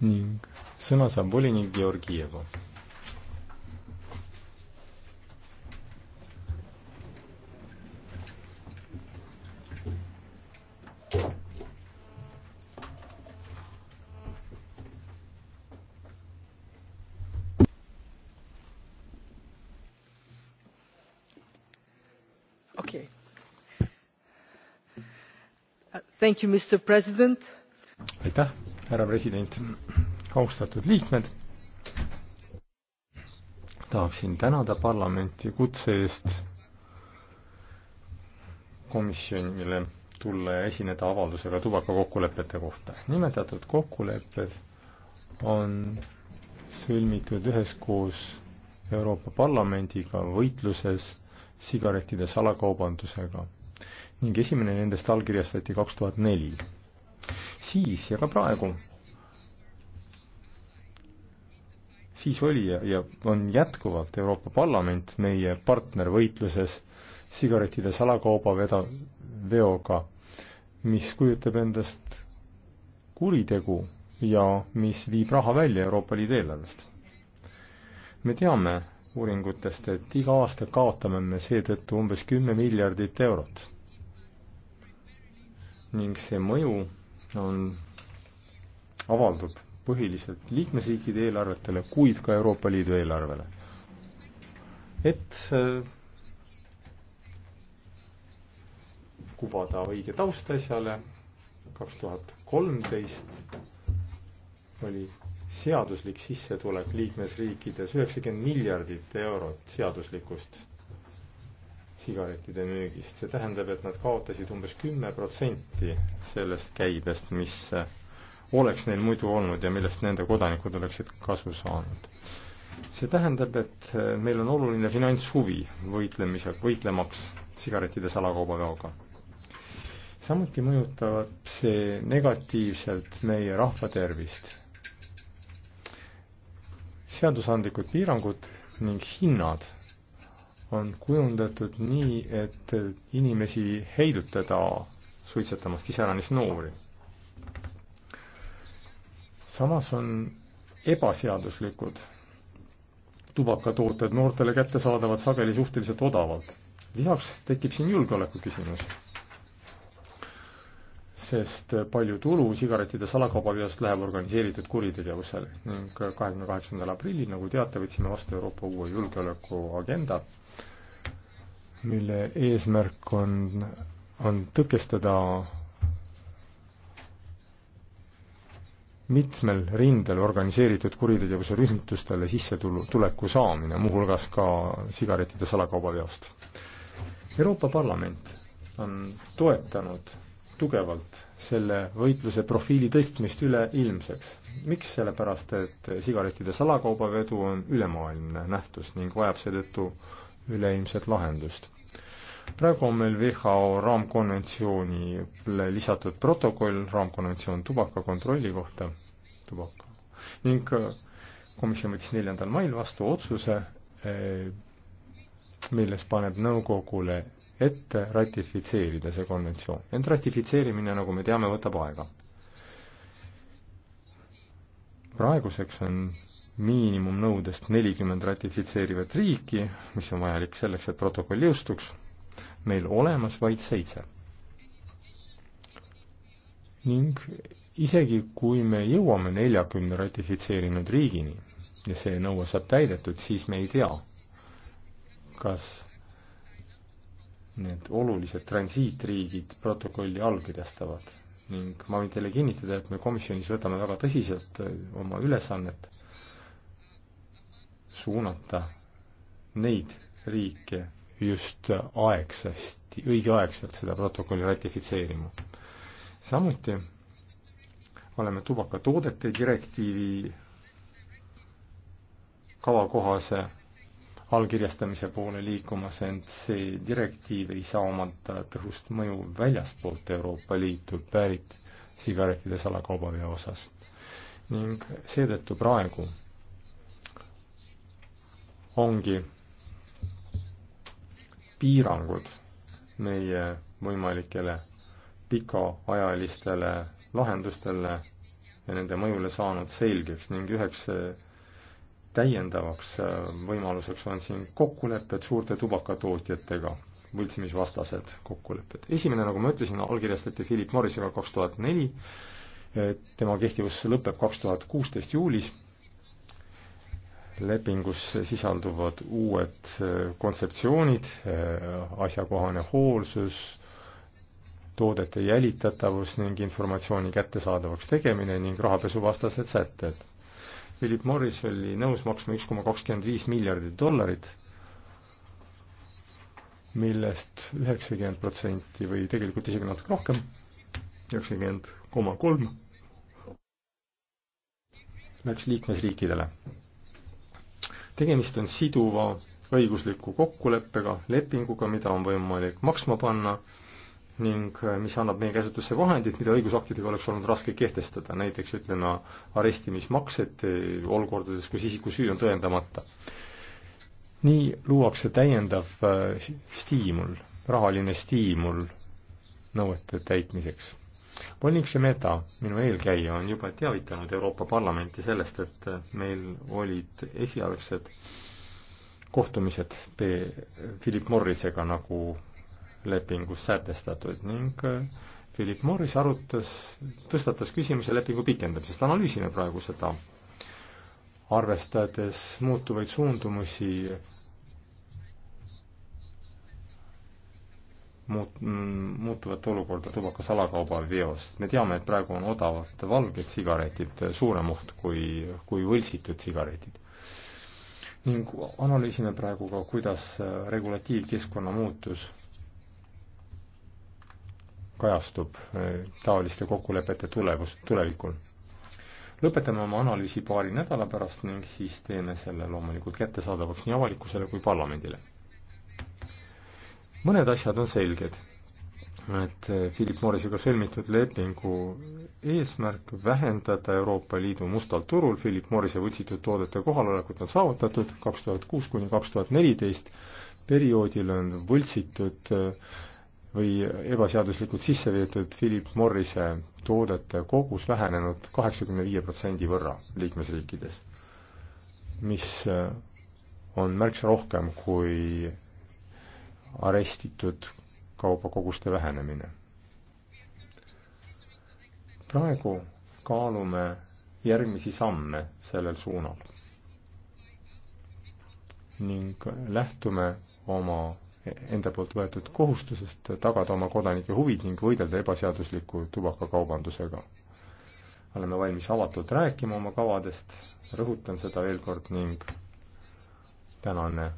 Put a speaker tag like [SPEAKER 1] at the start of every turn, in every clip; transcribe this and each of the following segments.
[SPEAKER 1] ning sõna saab volinik Georgieva.
[SPEAKER 2] Okay. Uh, you,
[SPEAKER 1] aitäh härra president, austatud liikmed. tahaksin tänada parlamenti kutse eest komisjonile tulla ja esineda avaldusega tubakakokkulepete kohta. nimetatud kokkulepped on sõlmitud üheskoos Euroopa Parlamendiga võitluses sigarettide salakaubandusega ning esimene nendest allkirjastati kaks tuhat neli siis ja ka praegu. siis oli ja, ja on jätkuvalt Euroopa Parlament meie partner võitluses sigarettide salakauba veda, veoga, mis kujutab endast kuritegu ja mis viib raha välja Euroopa Liidu eelarvest. me teame uuringutest, et iga aasta kaotame me seetõttu umbes kümme miljardit eurot ning see mõju on, avaldub põhiliselt liikmesriikide eelarvetele, kuid ka Euroopa Liidu eelarvele. et äh, kuvada õige taust asjale, kaks tuhat kolmteist oli seaduslik sissetulek liikmesriikides üheksakümmend miljardit eurot seaduslikust sigarettide müügist. see tähendab, et nad kaotasid umbes kümme protsenti sellest käibest, mis oleks neil muidu olnud ja millest nende kodanikud oleksid kasu saanud. see tähendab, et meil on oluline finantshuvi võitlemise, võitlemaks sigarettide salakaubaveoga. samuti mõjutab see negatiivselt meie rahva tervist. seadusandlikud piirangud ning hinnad on kujundatud nii, et inimesi heidutada suitsetamast iseäranis noori. samas on ebaseaduslikud tubakatooted noortele kättesaadavad sageli suhteliselt odavalt. lisaks tekib siin julgeoleku küsimus, sest palju tulu sigarettide salakaubaveost läheb organiseeritud kuritegevusele ning kahekümne kaheksandal aprillil, nagu teate, võtsime vastu Euroopa uue julgeolekuagenda mille eesmärk on, on tõkestada mitmel rindel organiseeritud kuritegevuse rühmitustele sissetuleku saamine, muuhulgas ka sigarettide salakaubaveost. Euroopa Parlament on toetanud tugevalt selle võitluse profiili tõstmist üleilmseks. miks, sellepärast et sigarettide salakaubavedu on ülemaailmne nähtus ning vajab seetõttu üleilmset lahendust. praegu on meil WHO raamkonventsioonile lisatud protokoll, raamkonventsioon tubakakontrolli kohta, tubaka, ning äh, komisjon võttis neljandal mail vastu otsuse, äh, milles paneb nõukogule ette ratifitseerida see konventsioon. ent ratifitseerimine, nagu me teame, võtab aega. praeguseks on miinimumnõudest nelikümmend ratifitseerivat riiki, mis on vajalik selleks, et protokoll jõustuks, meil olemas vaid seitse. ning isegi kui me jõuame neljakümne ratifitseerinud riigini ja see nõue saab täidetud, siis me ei tea, kas need olulised transiitriigid protokolli allkirjastavad ning ma võin teile kinnitada, et me komisjonis võtame väga tõsiselt äh, oma ülesannet suunata neid riike just aegsasti, õigeaegselt seda protokolli ratifitseerima. samuti oleme tubakatoodete direktiivi kavakohase allkirjastamise poole liikumas, ent see direktiiv ei saa omada tõhust mõju väljaspoolt Euroopa Liitu pärit sigarettide salakaubaveo osas. ning seetõttu praegu ongi piirangud meie võimalikele pikaajalistele lahendustele ja nende mõjule saanud selgeks ning üheks äh, täiendavaks äh, võimaluseks on siin kokkulepped suurte tubakatootjatega, võltsimisvastased kokkulepped. esimene, nagu ma ütlesin, allkirjastati Philip Morrisiga kaks tuhat neli, äh, tema kehtivus lõpeb kaks tuhat kuusteist juulis lepingus sisalduvad uued äh, kontseptsioonid, äh, asjakohane hoolsus, toodete jälitatavus ning informatsiooni kättesaadavaks tegemine ning rahapesuvastased sätted. Philip Morris oli nõus maksma üks koma kakskümmend viis miljardit dollarit, millest üheksakümmend protsenti või tegelikult isegi natuke rohkem, üheksakümmend koma kolm, läks liikmesriikidele tegemist on siduva õigusliku kokkuleppega, lepinguga, mida on võimalik maksma panna ning äh, mis annab meie käsutusse vahendid, mida õigusaktidega oleks olnud raske kehtestada, näiteks ütleme arestimismaksed äh, olukordades, kus isiku süü on tõendamata. nii luuakse täiendav äh, stiimul, rahaline stiimul nõuete täitmiseks volinik Šemeta, minu eelkäija, on juba teavitanud Euroopa Parlamenti sellest, et meil olid esialgsed kohtumised Philip Morrisega, nagu lepingus sätestatud ning äh, Philip Morris arutas, tõstatas küsimuse lepingu pikendamisest, analüüsime praegu seda, arvestades muutuvaid suundumusi muut-, mm, muutuvat olukorda tubaka salakaubaveost. me teame, et praegu on odavad valged sigaretid suurem oht kui, kui võltsitud sigaretid. ning analüüsime praegu ka, kuidas regulatiivkeskkonna muutus kajastub eh, taoliste kokkulepete tulevus, tulevikul. lõpetame oma analüüsi paari nädala pärast ning siis teeme selle loomulikult kättesaadavaks nii avalikkusele kui parlamendile mõned asjad on selged, et äh, Philip Morrisiga sõlmitud lepingu eesmärk vähendada Euroopa Liidu mustal turul Philip Morrise võltsitud toodete kohalolekut on saavutatud kaks tuhat kuus kuni kaks tuhat neliteist, perioodil on võltsitud äh, või ebaseaduslikult sisse veetud Philip Morrise toodete kogus vähenenud kaheksakümne viie protsendi võrra liikmesriikides, mis äh, on märksa rohkem kui arestitud kaubakoguste vähenemine. praegu kaalume järgmisi samme sellel suunal ning lähtume oma enda poolt võetud kohustusest tagada oma kodanike huvid ning võidelda ebaseadusliku tubakakaubandusega. oleme valmis avatult rääkima oma kavadest, rõhutan seda veel kord ning tänane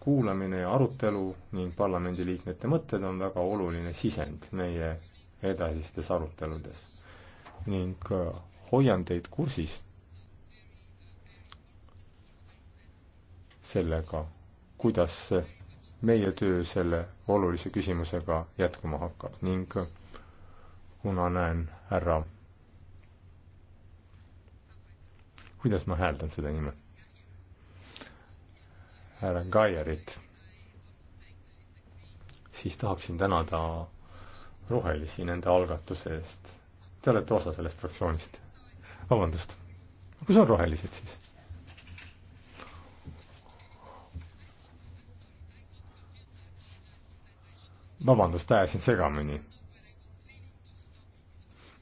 [SPEAKER 1] kuulamine ja arutelu ning parlamendiliikmete mõtted on väga oluline sisend meie edasistes aruteludes ning äh, hoian teid kursis sellega, kuidas meie töö selle olulise küsimusega jätkuma hakkab ning äh, kuna näen härra, kuidas ma hääldan seda nime härra Gaierit, siis tahaksin tänada rohelisi nende algatuse eest. Te olete osa sellest fraktsioonist. vabandust, kus on rohelised siis? vabandust, ajasin segamini.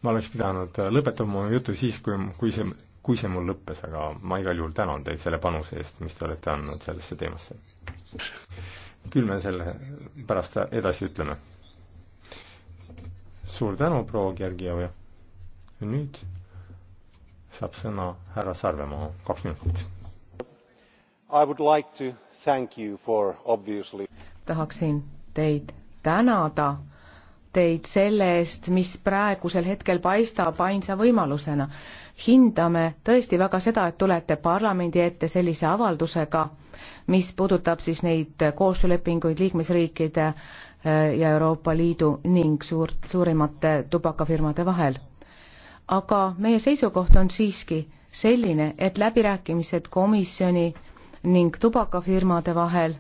[SPEAKER 1] ma oleks pidanud lõpetama oma jutu siis, kui, kui see kui see mul lõppes, aga ma igal juhul tänan teid selle panuse eest, mis te olete andnud sellesse teemasse. küll me selle pärast edasi ütleme. suur tänu, proua Gergiev. nüüd saab sõna härra Sarvemaa, kaks minutit.
[SPEAKER 3] I would like to thank you for obviously
[SPEAKER 1] tahaksin
[SPEAKER 4] teid tänada teid selle eest, mis praegusel hetkel paistab ainsa võimalusena hindame tõesti väga seda, et tulete parlamendi ette sellise avaldusega, mis puudutab siis neid koostöölepinguid liikmesriikide äh, ja Euroopa Liidu ning suurt, suurimate tubakafirmade vahel. aga meie seisukoht on siiski selline, et läbirääkimised komisjoni ning tubakafirmade vahel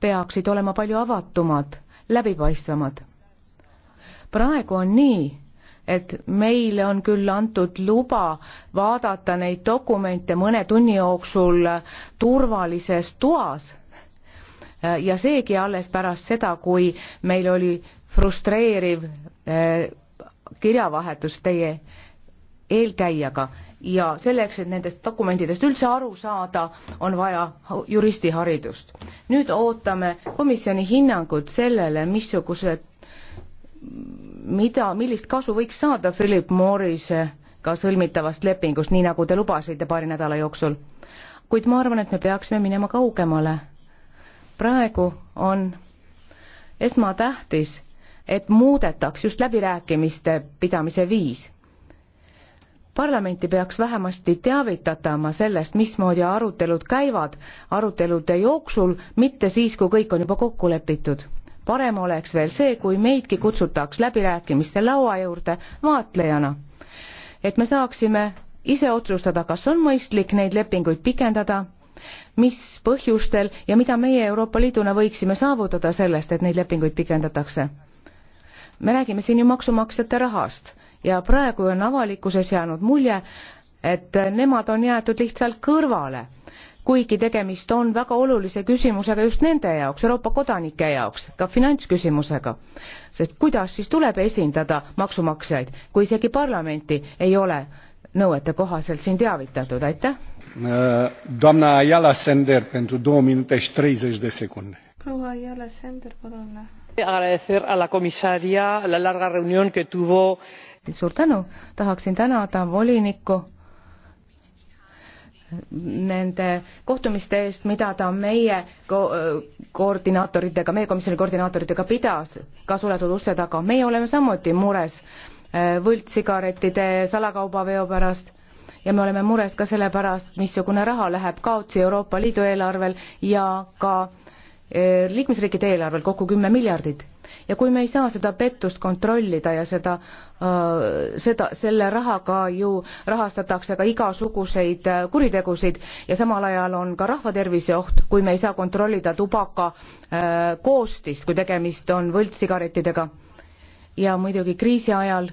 [SPEAKER 4] peaksid olema palju avatumad, läbipaistvamad. praegu on nii, et meile on küll antud luba vaadata neid dokumente mõne tunni jooksul turvalises toas ja seegi alles pärast seda, kui meil oli frustreeriv eh, kirjavahetus teie eelkäijaga ja selleks, et nendest dokumentidest üldse aru saada, on vaja juristiharidust. nüüd ootame komisjoni hinnangut sellele, missugused mida, millist kasu võiks saada Philip Morrisega sõlmitavast lepingust, nii nagu te lubasite paari nädala jooksul. kuid ma arvan, et me peaksime minema kaugemale. praegu on esmatähtis, et muudetaks just läbirääkimiste pidamise viis. parlamenti peaks vähemasti teavitatama sellest, mismoodi arutelud käivad arutelude jooksul, mitte siis, kui kõik on juba kokku lepitud parem oleks veel see, kui meidki kutsutaks läbirääkimiste laua juurde vaatlejana. et me saaksime ise otsustada, kas on mõistlik neid lepinguid pikendada, mis põhjustel ja mida meie Euroopa Liiduna võiksime saavutada sellest, et neid lepinguid pikendatakse. me räägime siin ju maksumaksjate rahast ja praegu on avalikkuses jäänud mulje, et nemad on jäetud lihtsalt kõrvale kuigi tegemist on väga olulise küsimusega just nende jaoks, Euroopa kodanike jaoks, ka finantsküsimusega. sest kuidas siis tuleb esindada maksumaksjaid, kui isegi parlamenti ei ole nõuete kohaselt siin teavitatud, aitäh.
[SPEAKER 3] Äh, doamna Ayala Sender pentru două minute și treizeci de secunde.
[SPEAKER 4] proua Ayala Sender, palun. Agradecer a la comisaria la larga reunión que tuvo. suur tänu, tahaksin tänada volinikku nende kohtumiste eest, mida ta meie ko-, koordinaatoritega, meie komisjoni koordinaatoritega pidas ka suletud uste taga. meie oleme samuti mures äh, võltssigarettide salakaubaveo pärast ja me oleme mures ka selle pärast, missugune raha läheb kaotsi Euroopa Liidu eelarvel ja ka äh, liikmesriikide eelarvel, kokku kümme miljardit ja kui me ei saa seda pettust kontrollida ja seda äh,, seda, selle rahaga ju rahastatakse ka igasuguseid äh, kuritegusid ja samal ajal on ka rahvatervise oht, kui me ei saa kontrollida tubaka äh, koostist, kui tegemist on võltssigarettidega. ja muidugi kriisi ajal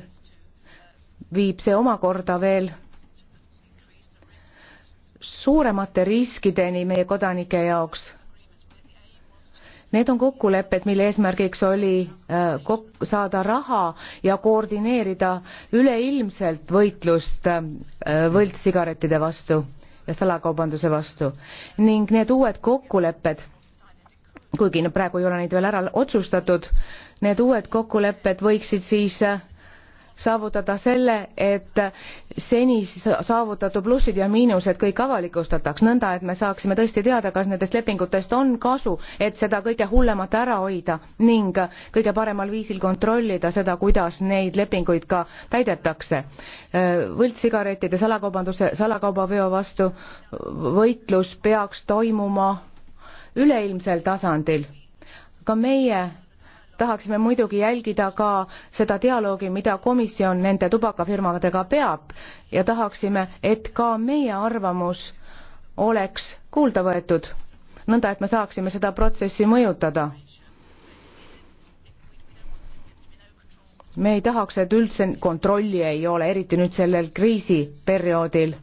[SPEAKER 4] viib see omakorda veel suuremate riskideni meie kodanike jaoks Need on kokkulepped, mille eesmärgiks oli äh, kok-, saada raha ja koordineerida üleilmselt võitlust äh, võltssigarettide vastu ja salakaubanduse vastu ning need uued kokkulepped, kuigi praegu ei ole neid veel ära otsustatud, need uued kokkulepped võiksid siis äh, saavutada selle, et seni saavutatu plussid ja miinused kõik avalikustataks, nõnda et me saaksime tõesti teada, kas nendest lepingutest on kasu, et seda kõige hullemat ära hoida ning kõige paremal viisil kontrollida seda, kuidas neid lepinguid ka täidetakse. võltssigarettide salakaubanduse, salakaubaveo vastu võitlus peaks toimuma üleilmsel tasandil. ka meie tahaksime muidugi jälgida ka seda dialoogi, mida komisjon nende tubakafirmadega peab ja tahaksime, et ka meie arvamus oleks kuulda võetud, nõnda et me saaksime seda protsessi mõjutada. me ei tahaks, et üldse kontrolli ei ole, eriti nüüd sellel kriisiperioodil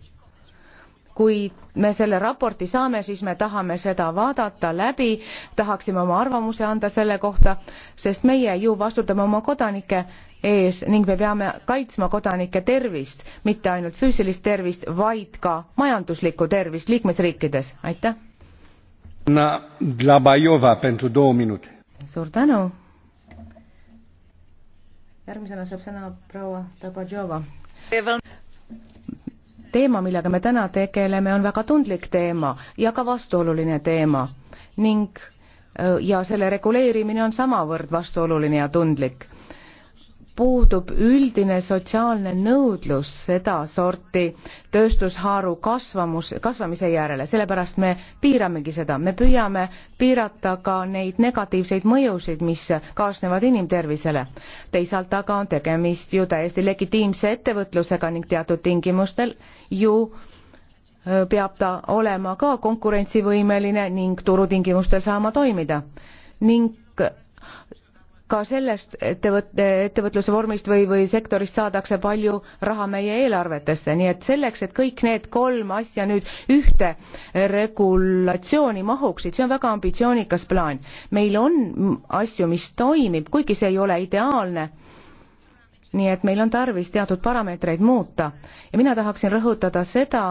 [SPEAKER 4] kui me selle raporti saame, siis me tahame seda vaadata läbi, tahaksime oma arvamuse anda selle kohta, sest meie ju vastutame oma kodanike ees ning me peame kaitsma kodanike tervist, mitte ainult füüsilist tervist, vaid ka majanduslikku tervist liikmesriikides, aitäh. suur tänu. järgmisena saab sõna proua Tabadžova teema, millega me täna tegeleme, on väga tundlik teema ja ka vastuoluline teema ning äh, ja selle reguleerimine on samavõrd vastuoluline ja tundlik puudub üldine sotsiaalne nõudlus sedasorti tööstusharu kasvamus, kasvamise järele, sellepärast me piiramegi seda, me püüame piirata ka neid negatiivseid mõjusid, mis kaasnevad inimtervisele. teisalt aga on tegemist ju täiesti legitiimse ettevõtlusega ning teatud tingimustel ju peab ta olema ka konkurentsivõimeline ning turutingimustel saama toimida. ning ka sellest ettevõt-, ettevõtluse vormist või, või sektorist saadakse palju raha meie eelarvetesse, nii et selleks, et kõik need kolm asja nüüd ühte regulatsiooni mahuksid, see on väga ambitsioonikas plaan. meil on asju, mis toimib, kuigi see ei ole ideaalne, nii et meil on tarvis teatud parameetreid muuta ja mina tahaksin rõhutada seda,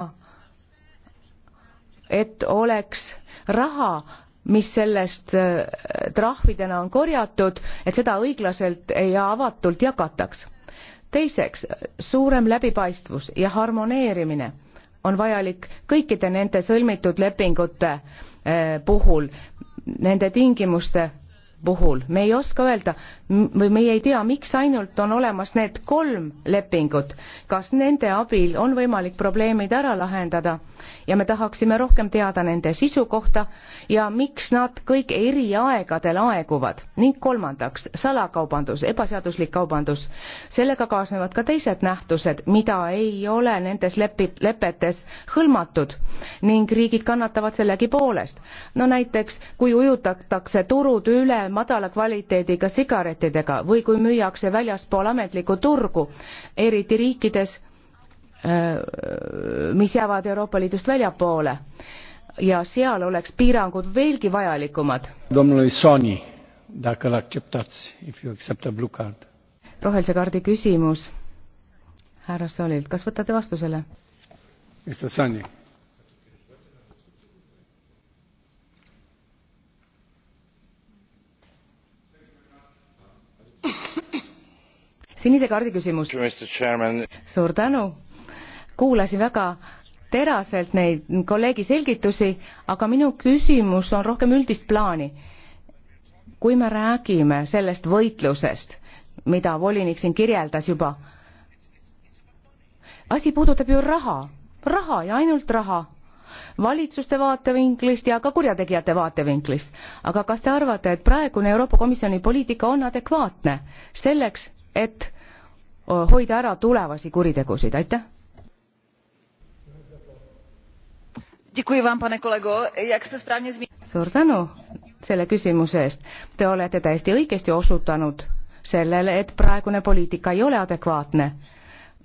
[SPEAKER 4] et oleks raha mis sellest äh, trahvidena on korjatud, et seda õiglaselt ja avatult jagataks. teiseks, suurem läbipaistvus ja harmoneerimine on vajalik kõikide nende sõlmitud lepingute äh, puhul, nende tingimuste puhul, me ei oska öelda, või meie ei tea, miks ainult on olemas need kolm lepingut, kas nende abil on võimalik probleemid ära lahendada ja me tahaksime rohkem teada nende sisu kohta ja miks nad kõik eri aegadel aeguvad ning kolmandaks salakaubandus, ebaseaduslik kaubandus. sellega kaasnevad ka teised nähtused, mida ei ole nendes lepid, lepetes hõlmatud ning riigid kannatavad sellegipoolest. no näiteks, kui ujutatakse turud üle madala kvaliteediga sigaretid, sigarettidega või kui müüakse väljaspool ametlikku turgu, eriti riikides, äh, mis jäävad Euroopa Liidust väljapoole ja seal oleks piirangud veelgi vajalikumad. rohelise kaardi küsimus härra Solilt, kas võtate vastu selle? sinise kaardi küsimus. suur tänu. kuulasin väga teraselt neid kolleegi selgitusi, aga minu küsimus on rohkem üldist plaani. kui me räägime sellest võitlusest, mida volinik siin kirjeldas juba, asi puudutab ju raha, raha ja ainult raha valitsuste vaatevinklist ja ka kurjategijate vaatevinklist. aga kas te arvate, et praegune Euroopa Komisjoni poliitika on adekvaatne selleks, et hoida ära tulevasi kuritegusid, aitäh! suur tänu selle küsimuse eest. Te olete täiesti õigesti osutanud sellele, et praegune poliitika ei ole adekvaatne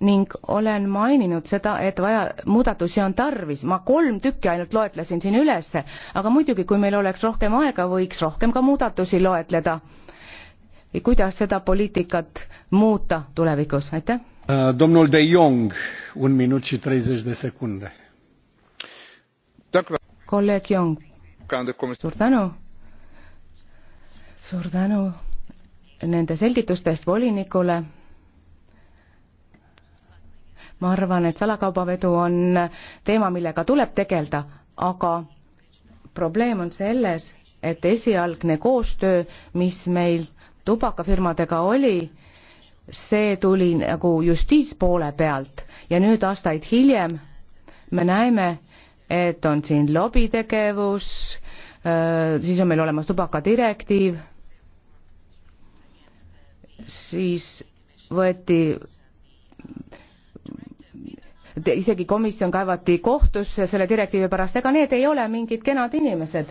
[SPEAKER 4] ning olen maininud seda, et vaja, muudatusi on tarvis, ma kolm tükki ainult loetlesin siin ülesse, aga muidugi, kui meil oleks rohkem aega, võiks rohkem ka muudatusi loetleda kuidas seda poliitikat muuta tulevikus, aitäh.
[SPEAKER 3] Uh, domnul de Jong, un minut și 30 de secunde. kolleeg Jong, suur tänu.
[SPEAKER 4] suur tänu nende selgitustest volinikule ma arvan, et salakaubavedu on teema, millega tuleb tegeleda, aga probleem on selles, et esialgne koostöö, mis meil tubakafirmadega oli, see tuli nagu justiitspoole pealt ja nüüd aastaid hiljem me näeme, et on siin lobitegevus, äh, siis on meil olemas tubakadirektiiv, siis võeti isegi komisjon kaevati kohtusse selle direktiivi pärast, ega need ei ole mingid kenad inimesed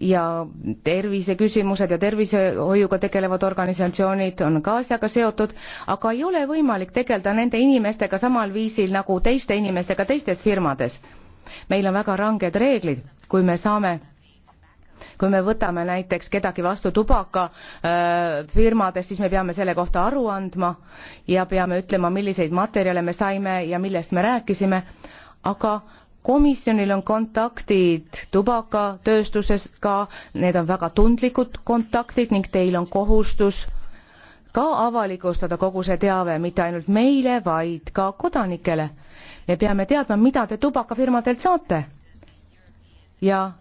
[SPEAKER 4] ja terviseküsimused ja tervishoiuga tegelevad organisatsioonid on ka asjaga seotud, aga ei ole võimalik tegeleda nende inimestega samal viisil nagu teiste inimestega teistes firmades. meil on väga ranged reeglid, kui me saame kui me võtame näiteks kedagi vastu tubakafirmades, äh, siis me peame selle kohta aru andma ja peame ütlema, milliseid materjale me saime ja millest me rääkisime, aga komisjonil on kontaktid tubakatööstusega, need on väga tundlikud kontaktid ning teil on kohustus ka avalikustada kogu see teave mitte ainult meile, vaid ka kodanikele. me peame teadma, mida te tubakafirmadelt saate. ja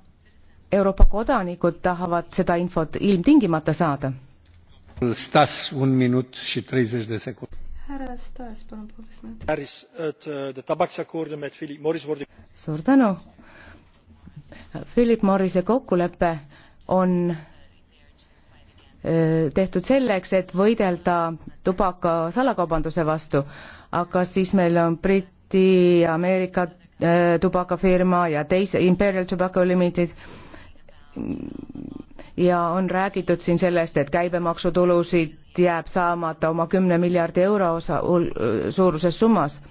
[SPEAKER 4] Euroopa kodanikud tahavad seda infot ilmtingimata saada.
[SPEAKER 3] Stas, un minut și 30 de secunde
[SPEAKER 2] härra Stas, palun poolteist minutit.
[SPEAKER 3] Äh, suur
[SPEAKER 4] tänu. Philip Morrise kokkulepe on äh, tehtud selleks, et võidelda tubaka salakaubanduse vastu, aga siis meil on Briti, Ameerika äh, tubakafirma ja teise Imperial Tobacco Limited ja on räägitud siin sellest, et käibemaksutulusid jääb saamata oma kümne miljardi euro osa suuruses summas.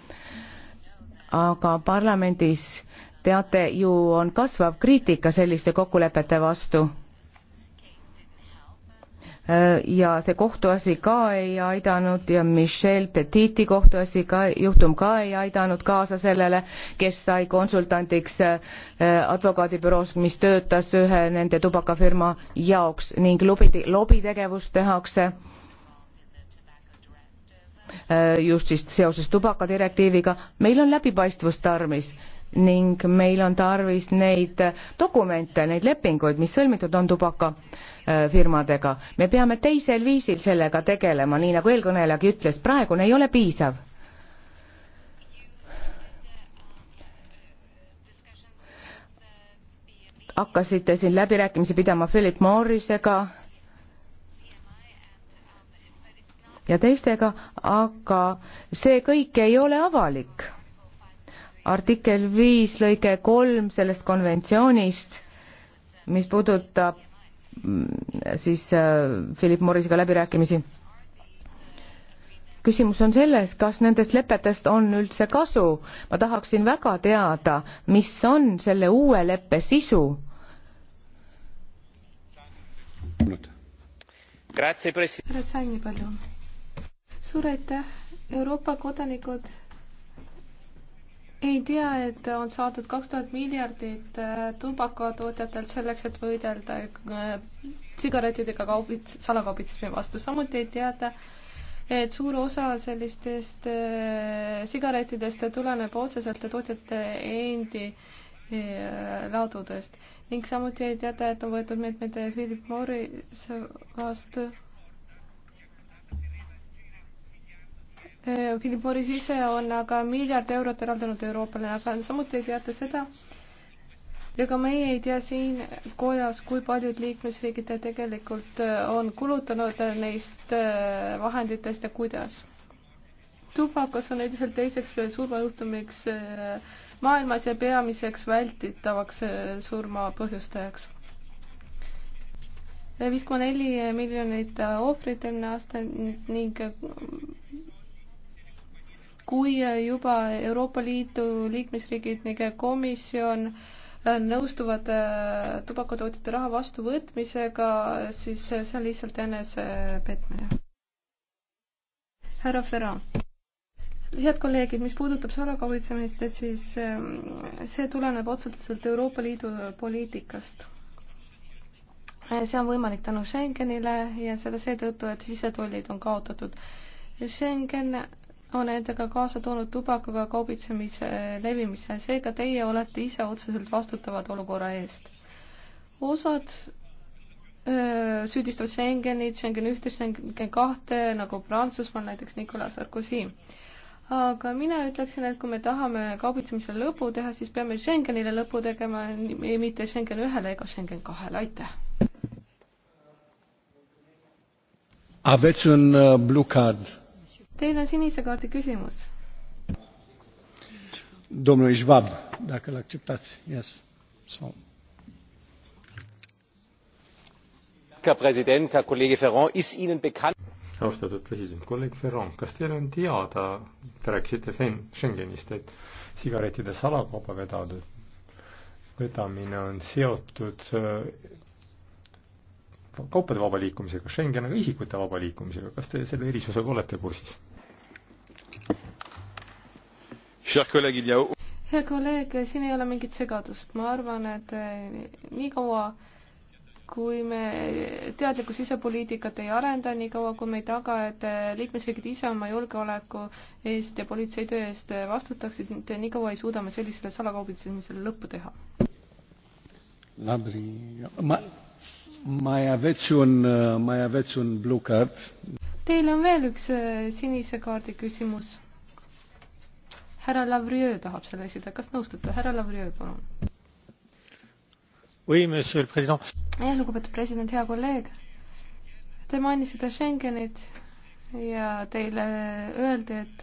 [SPEAKER 4] aga parlamendis teate ju on kasvav kriitika selliste kokkulepete vastu Äh, ja see kohtuasi ka ei aidanud ja Michel Petiti kohtuasi ka, juhtum ka ei aidanud kaasa sellele, kes sai konsultandiks äh, advokaadibüroos, mis töötas ühe nende tubakafirma jaoks ning lobi, lobitegevust tehakse äh, just siis seoses tubakadirektiiviga. meil on läbipaistvus tarvis ning meil on tarvis neid dokumente, neid lepinguid, mis sõlmitud on tubakafirmadega. Äh, me peame teisel viisil sellega tegelema, nii nagu eelkõnelejagi ütles, praegune ei ole piisav. hakkasite siin läbirääkimisi pidama Philip Morrisega ja teistega, aga see kõik ei ole avalik artikkel viis lõige kolm sellest konventsioonist, mis puudutab mm, siis äh, Philip Morrisega läbirääkimisi. küsimus on selles, kas nendest lepetest on üldse kasu. ma tahaksin väga teada, mis on selle uue leppe sisu. härra
[SPEAKER 2] Tsaini, palun.
[SPEAKER 4] suur aitäh,
[SPEAKER 2] Euroopa kodanikud ei tea, et on saadud kaks tuhat miljardit äh, tubakatootjatelt selleks, et võidelda äh, sigaretidega kaubits, salakaubitsemise vastu. samuti ei teada, et suur osa sellistest äh, sigarettidest tuleneb otseselt tootjate endi laadudest ning samuti ei teada, et on võetud meetmed Philip Morris vastu Philip Morris ise on aga miljard eurot eraldanud Euroopale, aga samuti teate seda, ega meie ei tea siin kojas, kui paljud liikmesriigid tegelikult äh, on kulutanud neist äh, vahenditest ja kuidas. tubakas on endiselt teiseks surmajuhtumiks äh, maailmas ja peamiseks vältitavaks surma põhjustajaks. viis koma neli miljonit ohvrit eelmine aasta ning kui juba Euroopa Liidu liikmesriigid ning komisjon äh, nõustuvad äh, tubakatootjate raha vastuvõtmisega, siis äh, see on lihtsalt enesepetmine. härra Ferrand head kolleegid, mis puudutab salakaubitsemist, siis see tuleneb otseselt Euroopa Liidu poliitikast. see on võimalik tänu Schengenile ja seda seetõttu, et sisetullid on kaotatud. Schengen on endaga kaasa toonud tubakaga kaubitsemise levimise, seega teie olete ise otseselt vastutavad olukorra eest. osad öö, süüdistavad Schengenit, Schengeni ühte, Schengen kahte, nagu Prantsusmaal näiteks Nicolas Sarkozy aga mina ütleksin, et kui me tahame kaubitsemisele lõpu teha, siis peame Schengenile lõpu tegema, mitte Schengen ühele ega Schengen kahele, aitäh.
[SPEAKER 3] Aveți un äh, blue card?
[SPEAKER 2] Teil on sinise kaardi küsimus.
[SPEAKER 3] Domnul Schwab, dacă îl acceptați. Yes. So. Herr Präsident, Herr Kollege Ferrand, ist Ihnen bekannt?
[SPEAKER 1] austatud president, kolleeg Ferrand, kas teile on teada, te rääkisite Schengenist, et sigarettide salakaubaga vedada, vedamine on seotud kaupade vaba liikumisega, Schengen aga isikute vaba liikumisega, kas te selle erisusega olete kursis?
[SPEAKER 2] hea kolleeg, siin ei ole mingit segadust, ma arvan, et eh, niikaua kui me teadlikku sisepoliitikat ei arenda, niikaua kui me ei taga, et eh, liikmesriigid ise oma julgeoleku eest ja politsei töö eest vastutaksid, niikaua ei suuda me sellisele salakaubitsemisele lõppu teha.
[SPEAKER 3] Labri, ma mai aveți un, uh, mai aveți un blue card.
[SPEAKER 2] Teil on veel üks uh, sinise kaardi küsimus. härra Lavrieux tahab selle esitada, kas nõustute, härra Lavrieux, palun.
[SPEAKER 3] Oui, monsieur le president.
[SPEAKER 2] jah, lugupeetud president, hea kolleeg. Te mainisite Schengenit ja teile öeldi, et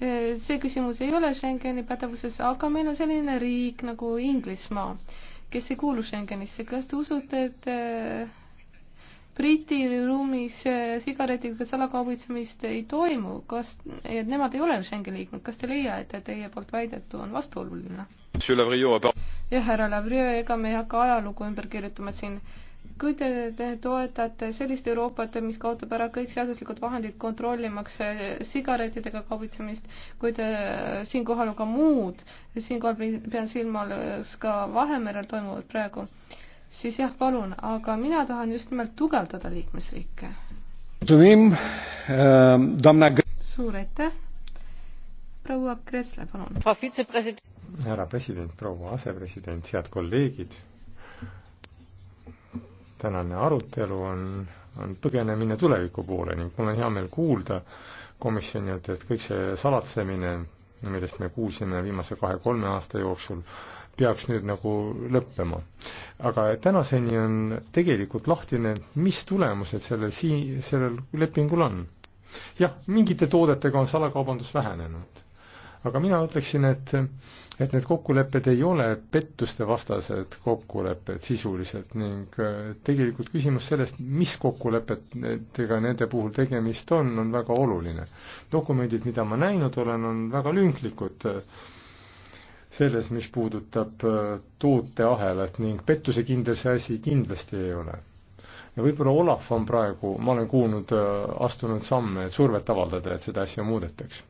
[SPEAKER 2] eh, see küsimus ei ole Schengeni pädevuses, aga meil on selline riik nagu Inglismaa kes ei kuulu Schengenisse, kas te usute, et äh, Briti ruumis äh, sigaretiga salakaubitsemist ei toimu, kas, et nemad ei ole Schengeni liikmed, kas te ei leia, et teie poolt väidetu on vastuoluline? jah, härra Lavrio, ega me ei hakka ajalugu ümber kirjutama siin kui te, te toetate sellist Euroopat, mis kaotab ära kõik seaduslikud vahendid kontrollimaks eh, sigaretidega kaubitsemist, kui te, eh, siinkohal on ka muud, siinkohal pean silmas ka Vahemerel toimuvat praegu, siis jah, palun, aga mina tahan just nimelt tugevdada liikmesriike.
[SPEAKER 3] Ehm,
[SPEAKER 2] suur aitäh. proua Kressle, palun.
[SPEAKER 1] härra president, proua asepresident, head kolleegid tänane arutelu on, on põgenemine tuleviku poole ning mul on hea meel kuulda komisjonilt, et kõik see salatsemine, millest me kuulsime viimase kahe-kolme aasta jooksul, peaks nüüd nagu lõppema. aga tänaseni on tegelikult lahtine, mis tulemused sellel sii-, sellel lepingul on. jah, mingite toodetega on salakaubandus vähenenud aga mina ütleksin, et, et need kokkulepped ei ole pettuste vastased kokkulepped sisuliselt ning äh, tegelikult küsimus sellest, mis kokkulepetega nende puhul tegemist on, on väga oluline. dokumendid, mida ma näinud olen, on väga lünklikud äh, selles, mis puudutab äh, tooteahelat ning pettusekindel see asi kindlasti ei ole ja võib-olla Olav on praegu, ma olen kuulnud, astunud samme, et survet avaldada, et seda asja muudetaks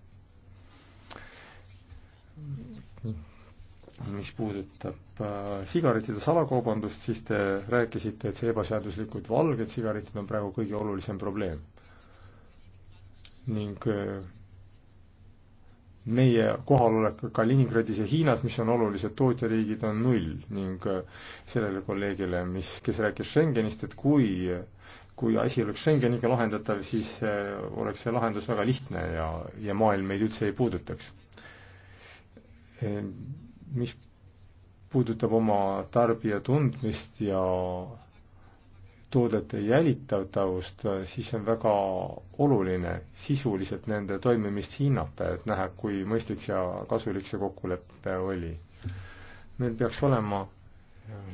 [SPEAKER 1] mis puudutab äh, sigarettide salakaubandust, siis te rääkisite, et see ebaseaduslikud valged sigaretid on praegu kõige olulisem probleem. ning äh, meie kohalolek Kaliningradis ja Hiinas, mis on olulised tootjariigid, on null ning äh, sellele kolleegile, mis, kes rääkis Schengenist, et kui kui asi oleks Schengeniga lahendatav, siis oleks see lahendus väga lihtne ja, ja maailm meid üldse ei puudutaks mis puudutab oma tarbija tundmist ja toodete jälitavust, siis on väga oluline sisuliselt nende toimimist hinnata, et näha, kui mõistlik ja kasulik see kokkulepe oli. meil peaks olema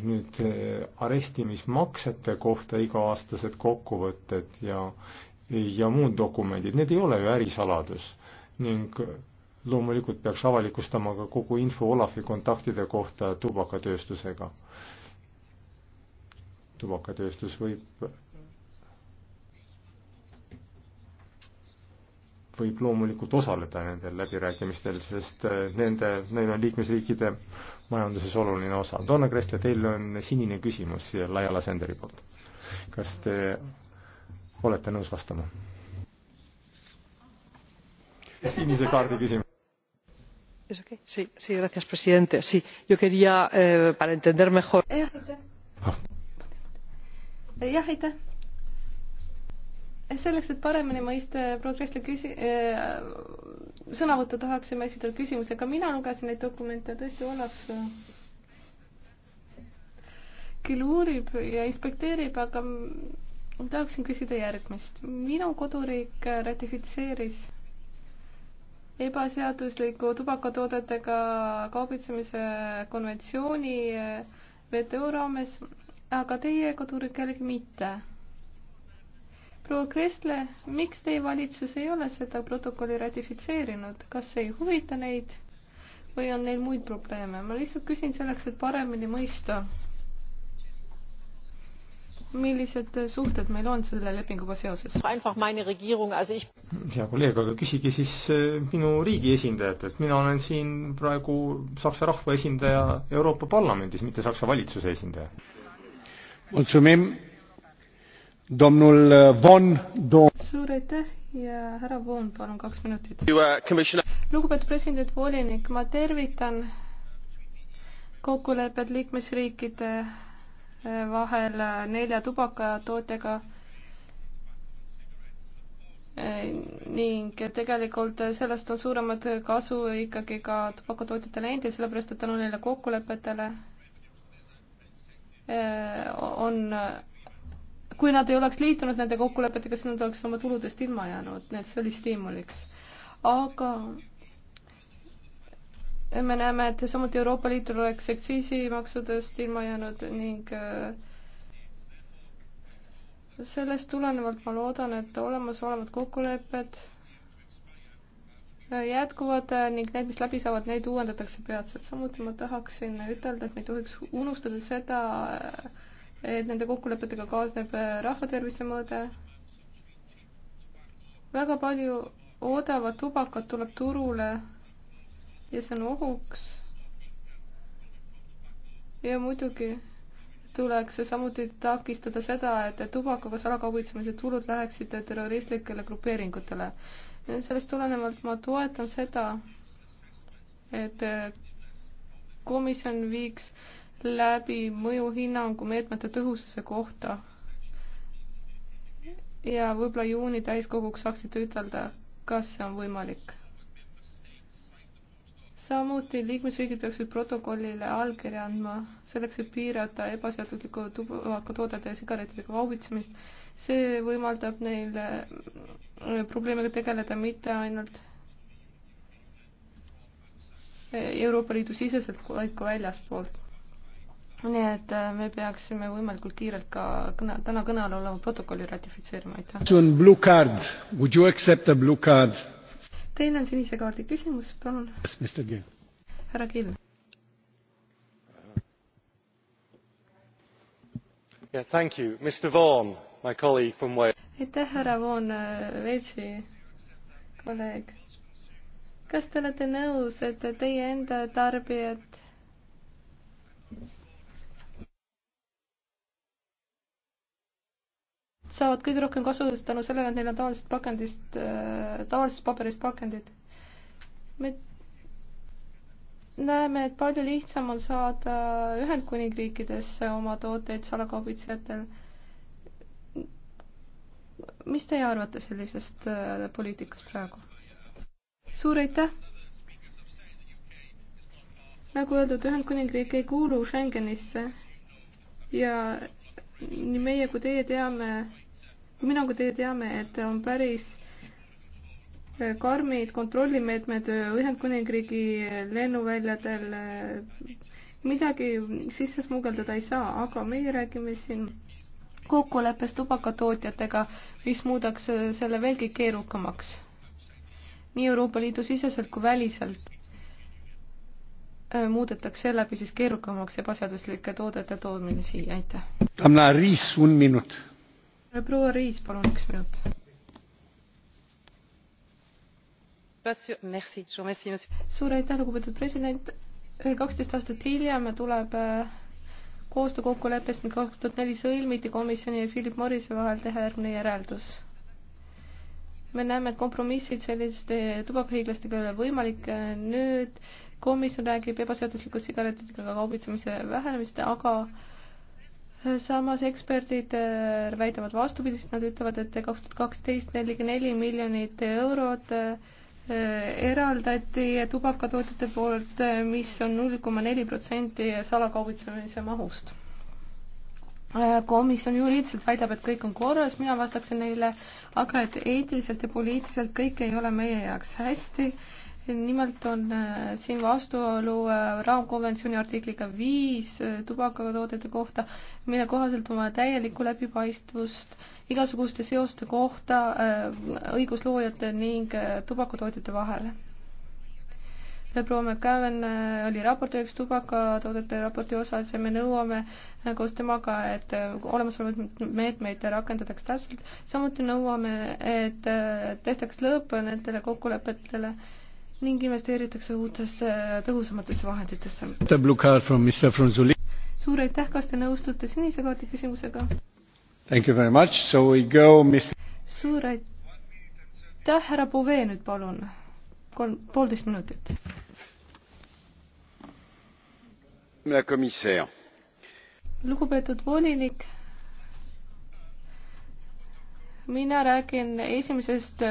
[SPEAKER 1] nüüd e, arestimismaksete kohta iga-aastased kokkuvõtted ja, ja muud dokumendid, need ei ole ju ärisaladus ning loomulikult peaks avalikustama ka kogu info Olafi kontaktide kohta tubakatööstusega. tubakatööstus võib, võib loomulikult osaleda nendel läbirääkimistel, sest äh, nende, neil on liikmesriikide majanduses oluline osa. Donna Kreste, teil on sinine küsimus Laiala Senderi poolt. kas te olete nõus vastama? sinise kaardi küsimus
[SPEAKER 4] señor presidente yo quería eh, para entender mejor. jah
[SPEAKER 2] eh, eh, aitäh selleks et paremini mõista progressile küsi- sõnavõttu tahaksime esitada küsimuse ka mina lugesin neid dokumente tõesti Olav küll uurib ja inspekteerib aga tahaksin küsida järgmist minu koduriik ratifitseeris ebaseadusliku tubakatoodetega kaubitsemise konventsiooni eh, WTO raames, aga teie koduriik jällegi mitte. proua Kressle, miks teie valitsus ei ole seda protokolli ratifitseerinud, kas see ei huvita neid või on neil muid probleeme? ma lihtsalt küsin selleks, et paremini mõista millised suhted meil on selle lepinguga seoses?
[SPEAKER 1] hea kolleeg, aga küsige siis äh, minu riigi esindajatelt, mina olen siin praegu Saksa rahva esindaja Euroopa Parlamendis, mitte Saksa valitsuse esindaja.
[SPEAKER 3] Äh,
[SPEAKER 2] suur aitäh ja härra Voon, palun kaks minutit.
[SPEAKER 3] Äh,
[SPEAKER 2] lugupeetud president, volinik, ma tervitan kokkulepet liikmesriikide vahel nelja tubakatootjaga ning tegelikult sellest on suuremad kasu ikkagi ka tubakatootjatele endile, sellepärast et tänu neile kokkulepetele eh, on, kui nad ei oleks liitunud nende kokkulepetega, siis nad oleks oma tuludest ilma jäänud, nii et see oli stiimuliks. aga me näeme, et samuti Euroopa Liitul oleks aktsiisimaksudest ilma jäänud ning äh, sellest tulenevalt ma loodan, et olemasolevad kokkulepped äh, jätkuvad ning need, mis läbi saavad, neid uuendatakse peatselt. samuti ma tahaksin ütelda, et me ei tohiks unustada seda, äh, et nende kokkulepetega kaasneb rahvatervise mõõde. väga palju odavat tubakat tuleb turule ja see on ohuks. ja muidugi tuleks samuti takistada seda, et tubakaga salakaubitsemise tulud läheksid terroristlikele grupeeringutele. sellest tulenevalt ma toetan seda, et komisjon viiks läbi mõjuhinnangu meetmete tõhususe kohta. ja võib-olla juuni täiskoguks saaksite ütelda, kas see on võimalik samuti liikmesriigid peaksid protokollile allkirja andma selleks, et piirata ebaseaduslikku tubakatoodete ja sigarettidega kaubitsemist. see võimaldab neil äh, probleemiga tegeleda mitte ainult Euroopa Liidu siseselt, vaid ka väljaspoolt. nii et äh, me peaksime võimalikult kiirelt ka kõne, täna kõne all oleva protokolli ratifitseerima, aitäh. see on
[SPEAKER 3] blue card, would you accept a blue card?
[SPEAKER 2] Teil on sinise kaardi küsimus, palun. härra Kill. aitäh, härra Vaughan, äh, Velsi kolleeg. kas te olete nõus, et teie enda tarbijad saavad kõige rohkem kasu tänu sellele, et neil on tavalisest pakendist, äh, tavalisest paberist pakendid. me näeme, et palju lihtsam on saada Ühendkuningriikidesse oma tooteid salakaubitsejatel. mis teie arvate sellisest äh, poliitikast praegu? suur aitäh! nagu öeldud, Ühendkuningriik ei kuulu Schengenisse ja nii meie kui teie teame, kui mina kui teie teame, et on päris eh, karmid kontrollimeetmed eh, Ühendkuningriigi lennuväljadel eh, midagi sisse smugeldada ei saa, aga meie räägime siin kokkuleppes tubakatootjatega, mis muudaks selle veelgi keerukamaks. nii Euroopa Liidu siseselt kui väliselt Äh, muudetakse seeläbi siis keerukamaks ebaseaduslike toodete toomine siia, aitäh.
[SPEAKER 3] Tamna Riis, un minut.
[SPEAKER 2] Äh, proua Riis, palun üks minut. suur aitäh, lugupeetud president. Äh, kaksteist aastat hiljem tuleb koostöökokkuleppest, mis kaks tuhat neli sõlmiti komisjoni ja Philip Morrise vahel teha järgmine järeldus me näeme, et kompromissid selliste tubakahiiglastega ei ole võimalik. nüüd komisjon räägib ebaseaduslikust sigaretidega kaubitsemise vähenemist, aga äh, samas eksperdid äh, väidavad vastupidist, nad ütlevad, et kaks tuhat kaksteist nelikümmend neli miljonit eurot äh, eraldati tubakatootjate poolt, mis on null koma neli protsenti salakaubitsemise mahust. komisjon juriidiliselt väidab, et kõik on korras, mina vastaksin neile, aga et eetiliselt ja poliitiliselt kõik ei ole meie jaoks hästi nimelt on äh, siin vastuolu äh, raamkonventsiooni artikliga viis äh, tubakatoodete kohta, mille kohaselt on vaja täielikku läbipaistvust igasuguste seoste kohta õigusloojate ning tubakatoodete vahel. proua McCaven oli raportööriks tubakatoodete raporti osas ja me nõuame koos temaga, et olemasolevaid meetmeid rakendataks täpselt, samuti nõuame, et tehtaks lõpp nendele kokkulepetele ning investeeritakse uutesse tõhusamatesse vahenditesse. suur aitäh, kas te nõustute sinise kaardi küsimusega? suur aitäh, härra Bove nüüd palun, kolm, poolteist minutit. lugupeetud volinik mina räägin esimesest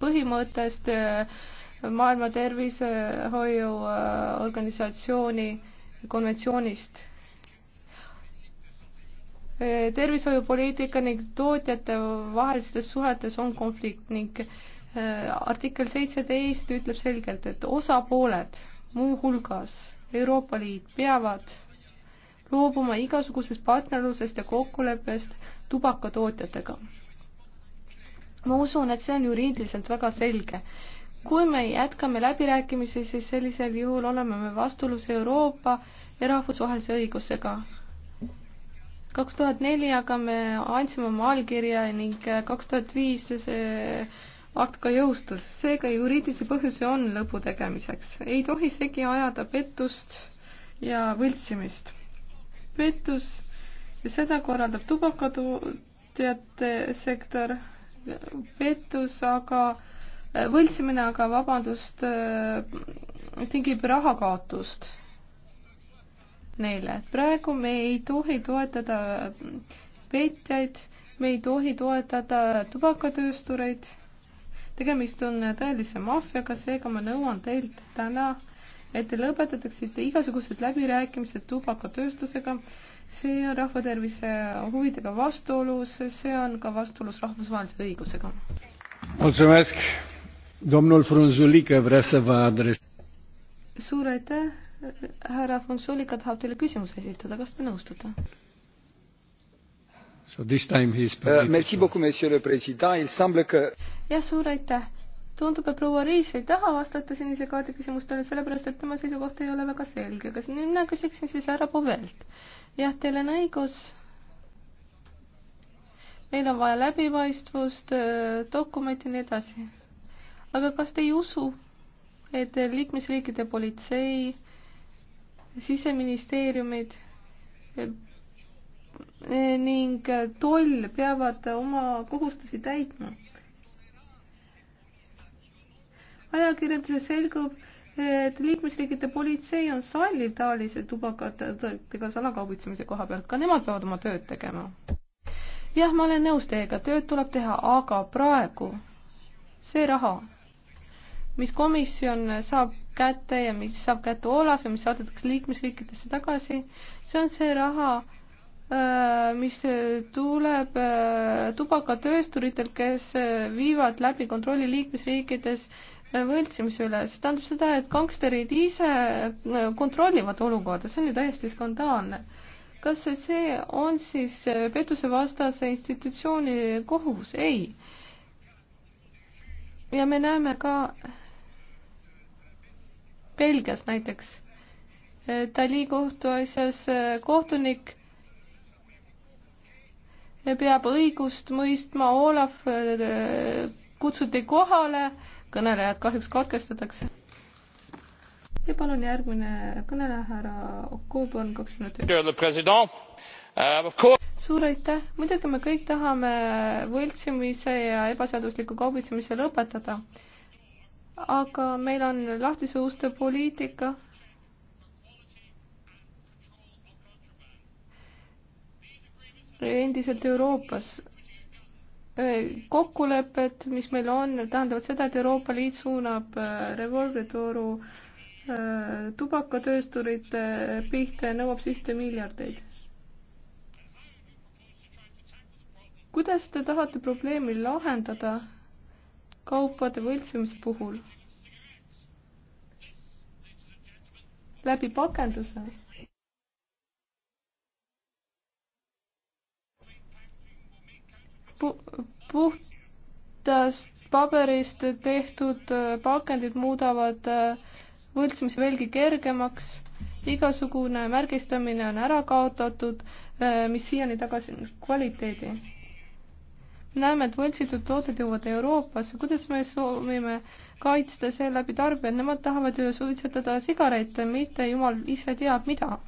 [SPEAKER 2] põhimõttest Maailma Tervishoiuorganisatsiooni äh, konventsioonist äh, tervishoiupoliitika ning tootjate vahelistes suhetes on konflikt ning äh, artikkel seitseteist ütleb selgelt, et osapooled, muuhulgas Euroopa Liit, peavad loobuma igasugusest partnerlusest ja kokkuleppest tubakatootjatega. ma usun, et see on juriidiliselt väga selge kui me jätkame läbirääkimisi, siis sellisel juhul oleme me vastuolus Euroopa ja rahvusvahelise õigusega. kaks tuhat neli aga me andsime oma allkirja ning kaks tuhat viis see akt ka jõustus, seega juriidilisi põhjusi on lõpu tegemiseks. ei tohi segi ajada pettust ja võltsimist. pettus, seda korraldab tubakatootjate sektor, pettus aga äh, võltsimine aga, vabandust, äh, tingib rahakaotust neile. praegu me ei tohi toetada petjaid, me ei tohi toetada tubakatööstureid. tegemist on tõelise maffiaga, seega ma nõuan teilt täna, et te lõpetataksite igasugused läbirääkimised tubakatööstusega. see on rahvatervise huvidega vastuolus, see on ka vastuolus rahvusvahelise õigusega.
[SPEAKER 3] mulțumesc Domnul Frunzulică vrea să vă adreseze.
[SPEAKER 2] suur aitäh, härra Frunzulică tahab teile küsimuse esitada, kas te nõustute?
[SPEAKER 3] Uh,
[SPEAKER 2] jah, suur aitäh. tundub, et proua Riis ei taha vastata sinise kaardi küsimustele, sellepärast et tema seisukoht ei ole väga selge. kas nüüd mina küsiksin siis härra Povelt? jah, teil on õigus meil on vaja läbipaistvust, äh, dokumente ja nii edasi aga kas te ei usu, et liikmesriikide politsei, siseministeeriumid eh, ning toll peavad oma kohustusi täitma? ajakirjanduses selgub, et liikmesriikide politsei on salliv taolise tubakatega salakaubitsemise koha pealt, ka nemad peavad oma tööd tegema. jah, ma olen nõus teiega, tööd tuleb teha, aga praegu see raha, mis komisjon saab kätte ja mis saab kätte Olav ja mis saadetakse liikmesriikidesse tagasi, see on see raha, äh, mis tuleb äh, tubakatöösturitel, kes äh, viivad läbi kontrolli liikmesriikides võltsimise üle, see tähendab seda, et gangsterid ise kontrollivad olukorda, see on ju täiesti skandaalne. kas see on siis pettusevastase institutsiooni kohus? ei ja me näeme ka Belgias näiteks, Dali kohtuasjas eh, kohtunik peab õigust mõistma, Olav eh, kutsuti kohale, kõnelejad kahjuks katkestatakse. ja palun järgmine kõneleja, härra Okub on kaks minutit suur aitäh, muidugi me kõik tahame võltsimise ja ebaseadusliku kaubitsemise lõpetada. aga meil on lahtise uste poliitika. endiselt Euroopas. kokkulepped, mis meil on, tähendavad seda, et Euroopa Liit suunab revolvrituru tubakatöösturite pihta ja nõuab sisse miljardeid kuidas te tahate probleemi lahendada kaupade võltsimise puhul? läbi pakenduse? puhtast paberist tehtud äh, pakendid muudavad äh, võltsimise veelgi kergemaks, igasugune märgistamine on ära kaotatud, äh, mis siiani tagasi kvaliteedi näeme, et võltsitud tooted jõuavad Euroopasse, kuidas me soovime kaitsta seeläbi tarbijad, nemad tahavad ju suitsetada sigarette, mitte jumal ise teab mida.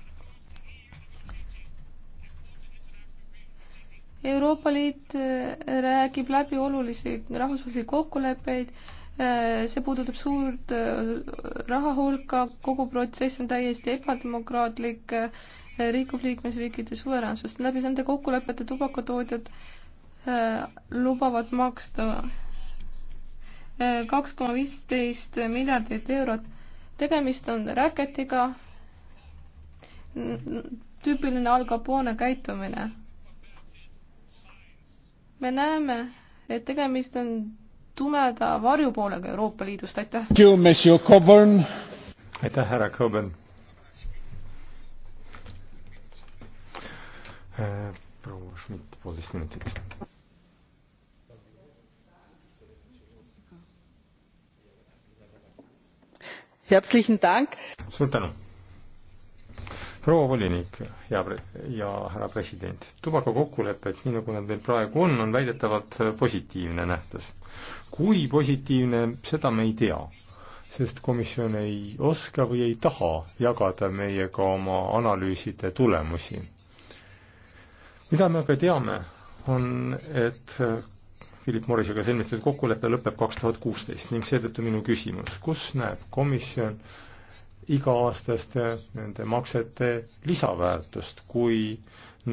[SPEAKER 2] Euroopa Liit äh, räägib läbi olulisi rahvusvahelisi kokkuleppeid, äh, see puudutab suurt äh, raha hulka, kogu protsess on täiesti ebademokraatlik, rikub liikmesriikide suveräänsust, läbi nende kokkulepete tubakatootjad äh, Äh, lubavad maksta äh, kaks koma viisteist miljardit eurot. tegemist on räketiga, tüüpiline Al Capone käitumine. me näeme, et tegemist on tumeda varjupoolega Euroopa Liidust, aitäh.
[SPEAKER 1] aitäh, härra Coburn. Äh, proua Schmidt, poolteist minutit.
[SPEAKER 2] herzlichen Dank.
[SPEAKER 1] suur tänu. proua volinik ja, ja härra president, tubakakokkulepped, nii nagu nad meil praegu on, on väidetavalt positiivne nähtus. kui positiivne, seda me ei tea sest komisjon ei oska või ei taha jagada meiega oma analüüside tulemusi. mida me aga teame, on, et Philip Morrisega sõlmitud kokkulepe lõpeb kaks tuhat kuusteist ning seetõttu minu küsimus, kus näeb komisjon iga-aastaste nende maksete lisaväärtust, kui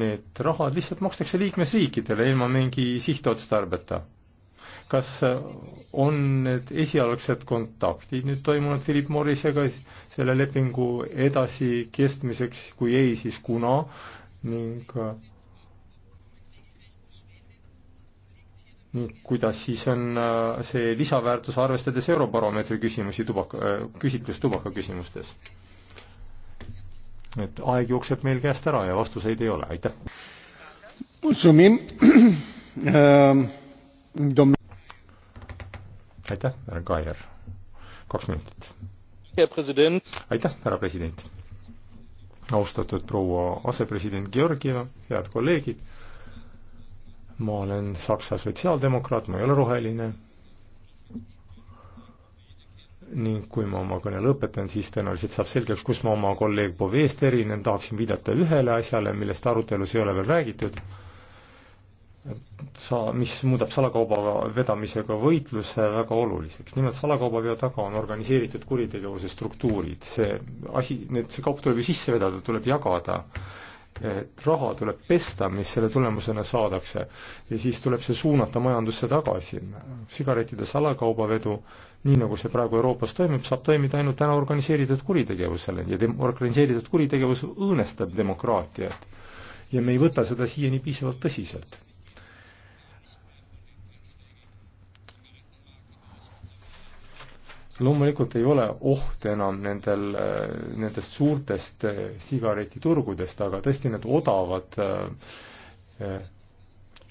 [SPEAKER 1] need rahad lihtsalt makstakse liikmesriikidele ilma mingi sihtotstarbeta? kas on need esialgsed kontaktid nüüd toimunud Philip Morrisega selle lepingu edasikestmiseks, kui ei, siis kuna ning ning kuidas siis on äh, see lisaväärtus, arvestades Eurobaromeetri küsimusi tubaka, äh, küsitlust tubaka küsimustes? et aeg jookseb meil käest ära ja vastuseid ei ole, aitäh. aitäh, härra Kaier, kaks minutit. aitäh, härra president. austatud proua asepresident Georgieva, head kolleegid ma olen Saksa sotsiaaldemokraat, ma ei ole roheline. ning kui ma oma kõne lõpetan, siis tõenäoliselt saab selgeks, kus ma oma kolleeg Boveest erinen, tahaksin viidata ühele asjale, millest arutelus ei ole veel räägitud, sa, mis muudab salakauba vedamisega võitluse väga oluliseks. nimelt salakaubaveo taga on organiseeritud kuritegevuse struktuurid, see asi, need, see kaup tuleb ju sisse vedada, tuleb jagada et raha tuleb pesta, mis selle tulemusena saadakse. ja siis tuleb see suunata majandusse tagasi. sigarettide salakaubavedu, nii nagu see praegu Euroopas toimub, saab toimida ainult täna organiseeritud kuritegevusele ja dem-, organiseeritud kuritegevus õõnestab demokraatiat. ja me ei võta seda siiani piisavalt tõsiselt loomulikult ei ole oht enam nendel, nendest suurtest eh, sigaretiturgudest, aga tõesti need odavad eh, eh,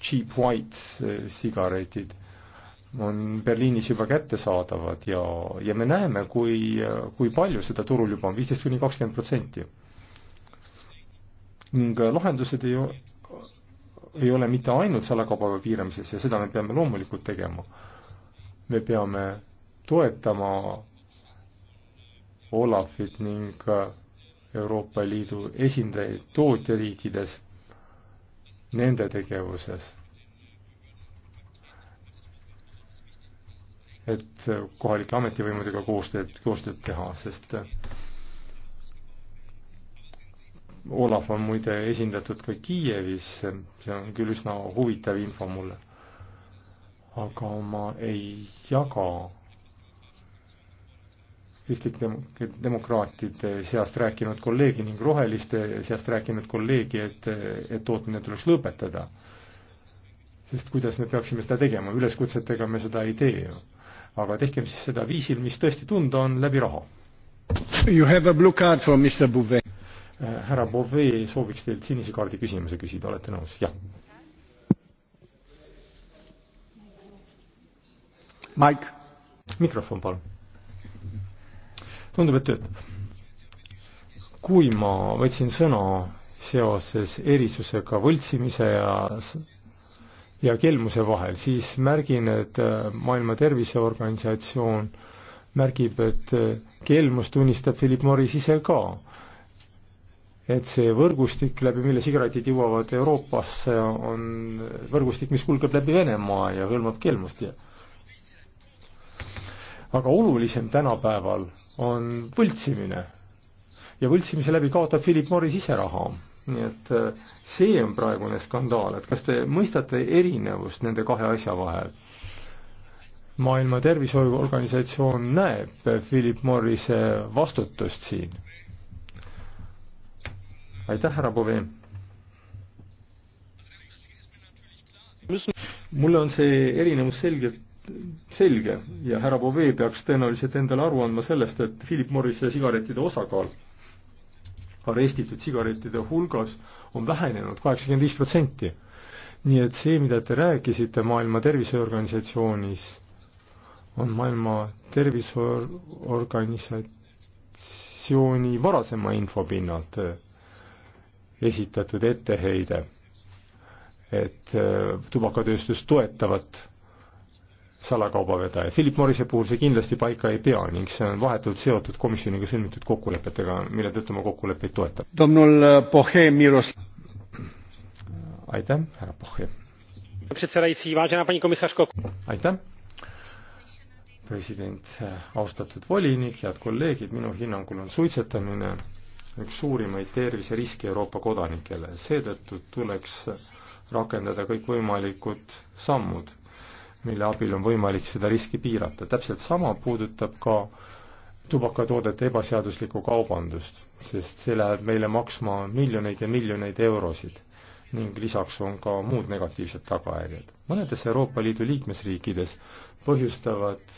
[SPEAKER 1] cheap white sigaretid on Berliinis juba kättesaadavad ja, ja me näeme, kui, kui palju seda turul juba on, viisteist kuni kakskümmend protsenti. ning lahendused ei, ei ole mitte ainult salakaubaga piiramises ja seda me peame loomulikult tegema. me peame toetama Olafit ning äh, Euroopa Liidu esindajaid tootjariikides nende tegevuses. et äh, kohalike ametivõimudega koostööd, koostööd teha, sest äh, Olav on muide esindatud ka Kiievis, see on küll üsna huvitav info mulle. aga ma ei jaga kristlike demokraatide seast rääkinud kolleegi ning roheliste seast rääkinud kolleegi, et, et tootmine tuleks lõpetada. sest kuidas me peaksime seda tegema, üleskutsetega me seda ei tee ju. aga tehkem siis seda viisil, mis tõesti tunda on, läbi raha.
[SPEAKER 3] You have a blue card from Mr Bouvet.
[SPEAKER 1] Äh, härra Bouvet sooviks teilt sinise kaardi küsimuse küsida, olete nõus? jah. Mike. mikrofon palun tundub, et töötab. kui ma võtsin sõna seoses erisusega võltsimise ja ja kelmuse vahel, siis märgin, et äh, Maailma Terviseorganisatsioon märgib, et äh, kelmust tunnistab Philip Morris ise ka et see võrgustik, läbi mille sigaretid jõuavad Euroopasse, on võrgustik, mis kulgeb läbi Venemaa ja hõlmab kelmust ja aga olulisem tänapäeval on võltsimine. ja võltsimise läbi kaotab Philip Morris ise raha. nii et äh, see on praegune skandaal, et kas te mõistate erinevust nende kahe asja vahel? maailma Tervishoiuorganisatsioon näeb Philip Morrise vastutust siin. aitäh, härra Bove. mulle on see erinevus selgelt selge ja härra Bovee peaks tõenäoliselt endale aru andma sellest, et Philip Morrise sigarettide osakaal arestitud sigarettide hulgas on vähenenud kaheksakümmend viis protsenti. nii et see, mida te rääkisite Maailma Terviseorganisatsioonis, on Maailma Terviseorganisatsiooni varasema info pinnalt eh, esitatud etteheide, et eh, tubakatööstust toetavat salakaubavedaja. Philip Morrise puhul see kindlasti paika ei pea ning see on vahetult seotud komisjoniga sõlmitud kokkulepetega, mille tõttu ma kokkuleppeid toetan.
[SPEAKER 3] domnul äh, Pohe Miros-. aitäh, härra Pohe. aitäh, president, äh,
[SPEAKER 1] austatud volinik, head kolleegid, minu hinnangul on suitsetamine üks suurimaid terviseriske Euroopa kodanikele, seetõttu tuleks rakendada kõikvõimalikud sammud mille abil on võimalik seda riski piirata. täpselt sama puudutab ka tubakatoodete ebaseaduslikku kaubandust, sest see läheb meile maksma miljoneid ja miljoneid eurosid ning lisaks on ka muud negatiivsed tagajärjed. mõnedes Euroopa Liidu liikmesriikides põhjustavad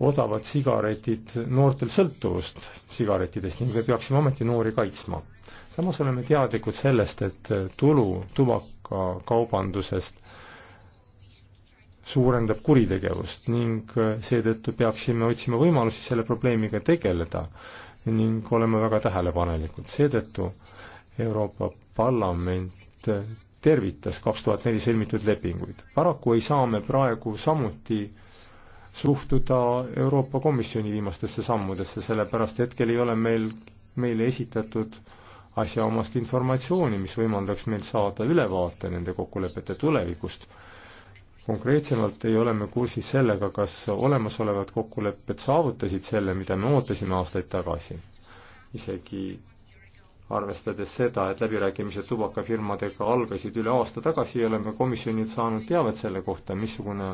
[SPEAKER 1] odavad sigaretid noortel sõltuvust sigaretidest ning me peaksime ometi noori kaitsma. samas oleme teadlikud sellest, et tulu tubakakaubandusest suurendab kuritegevust ning äh, seetõttu peaksime otsima võimalusi selle probleemiga tegeleda ning olema väga tähelepanelikud. seetõttu Euroopa Parlament äh, tervitas kaks tuhat neli sõlmitud lepinguid. paraku ei saa me praegu samuti suhtuda Euroopa Komisjoni viimastesse sammudesse, sellepärast hetkel ei ole meil, meile esitatud asjaomast informatsiooni, mis võimaldaks meil saada ülevaate nende kokkulepete tulevikust konkreetsemalt ei ole me kursis sellega, kas olemasolevad kokkulepped saavutasid selle, mida me ootasime aastaid tagasi. isegi arvestades seda, et läbirääkimised tubakafirmadega algasid üle aasta tagasi, ei ole me komisjonilt saanud teavet selle kohta, missugune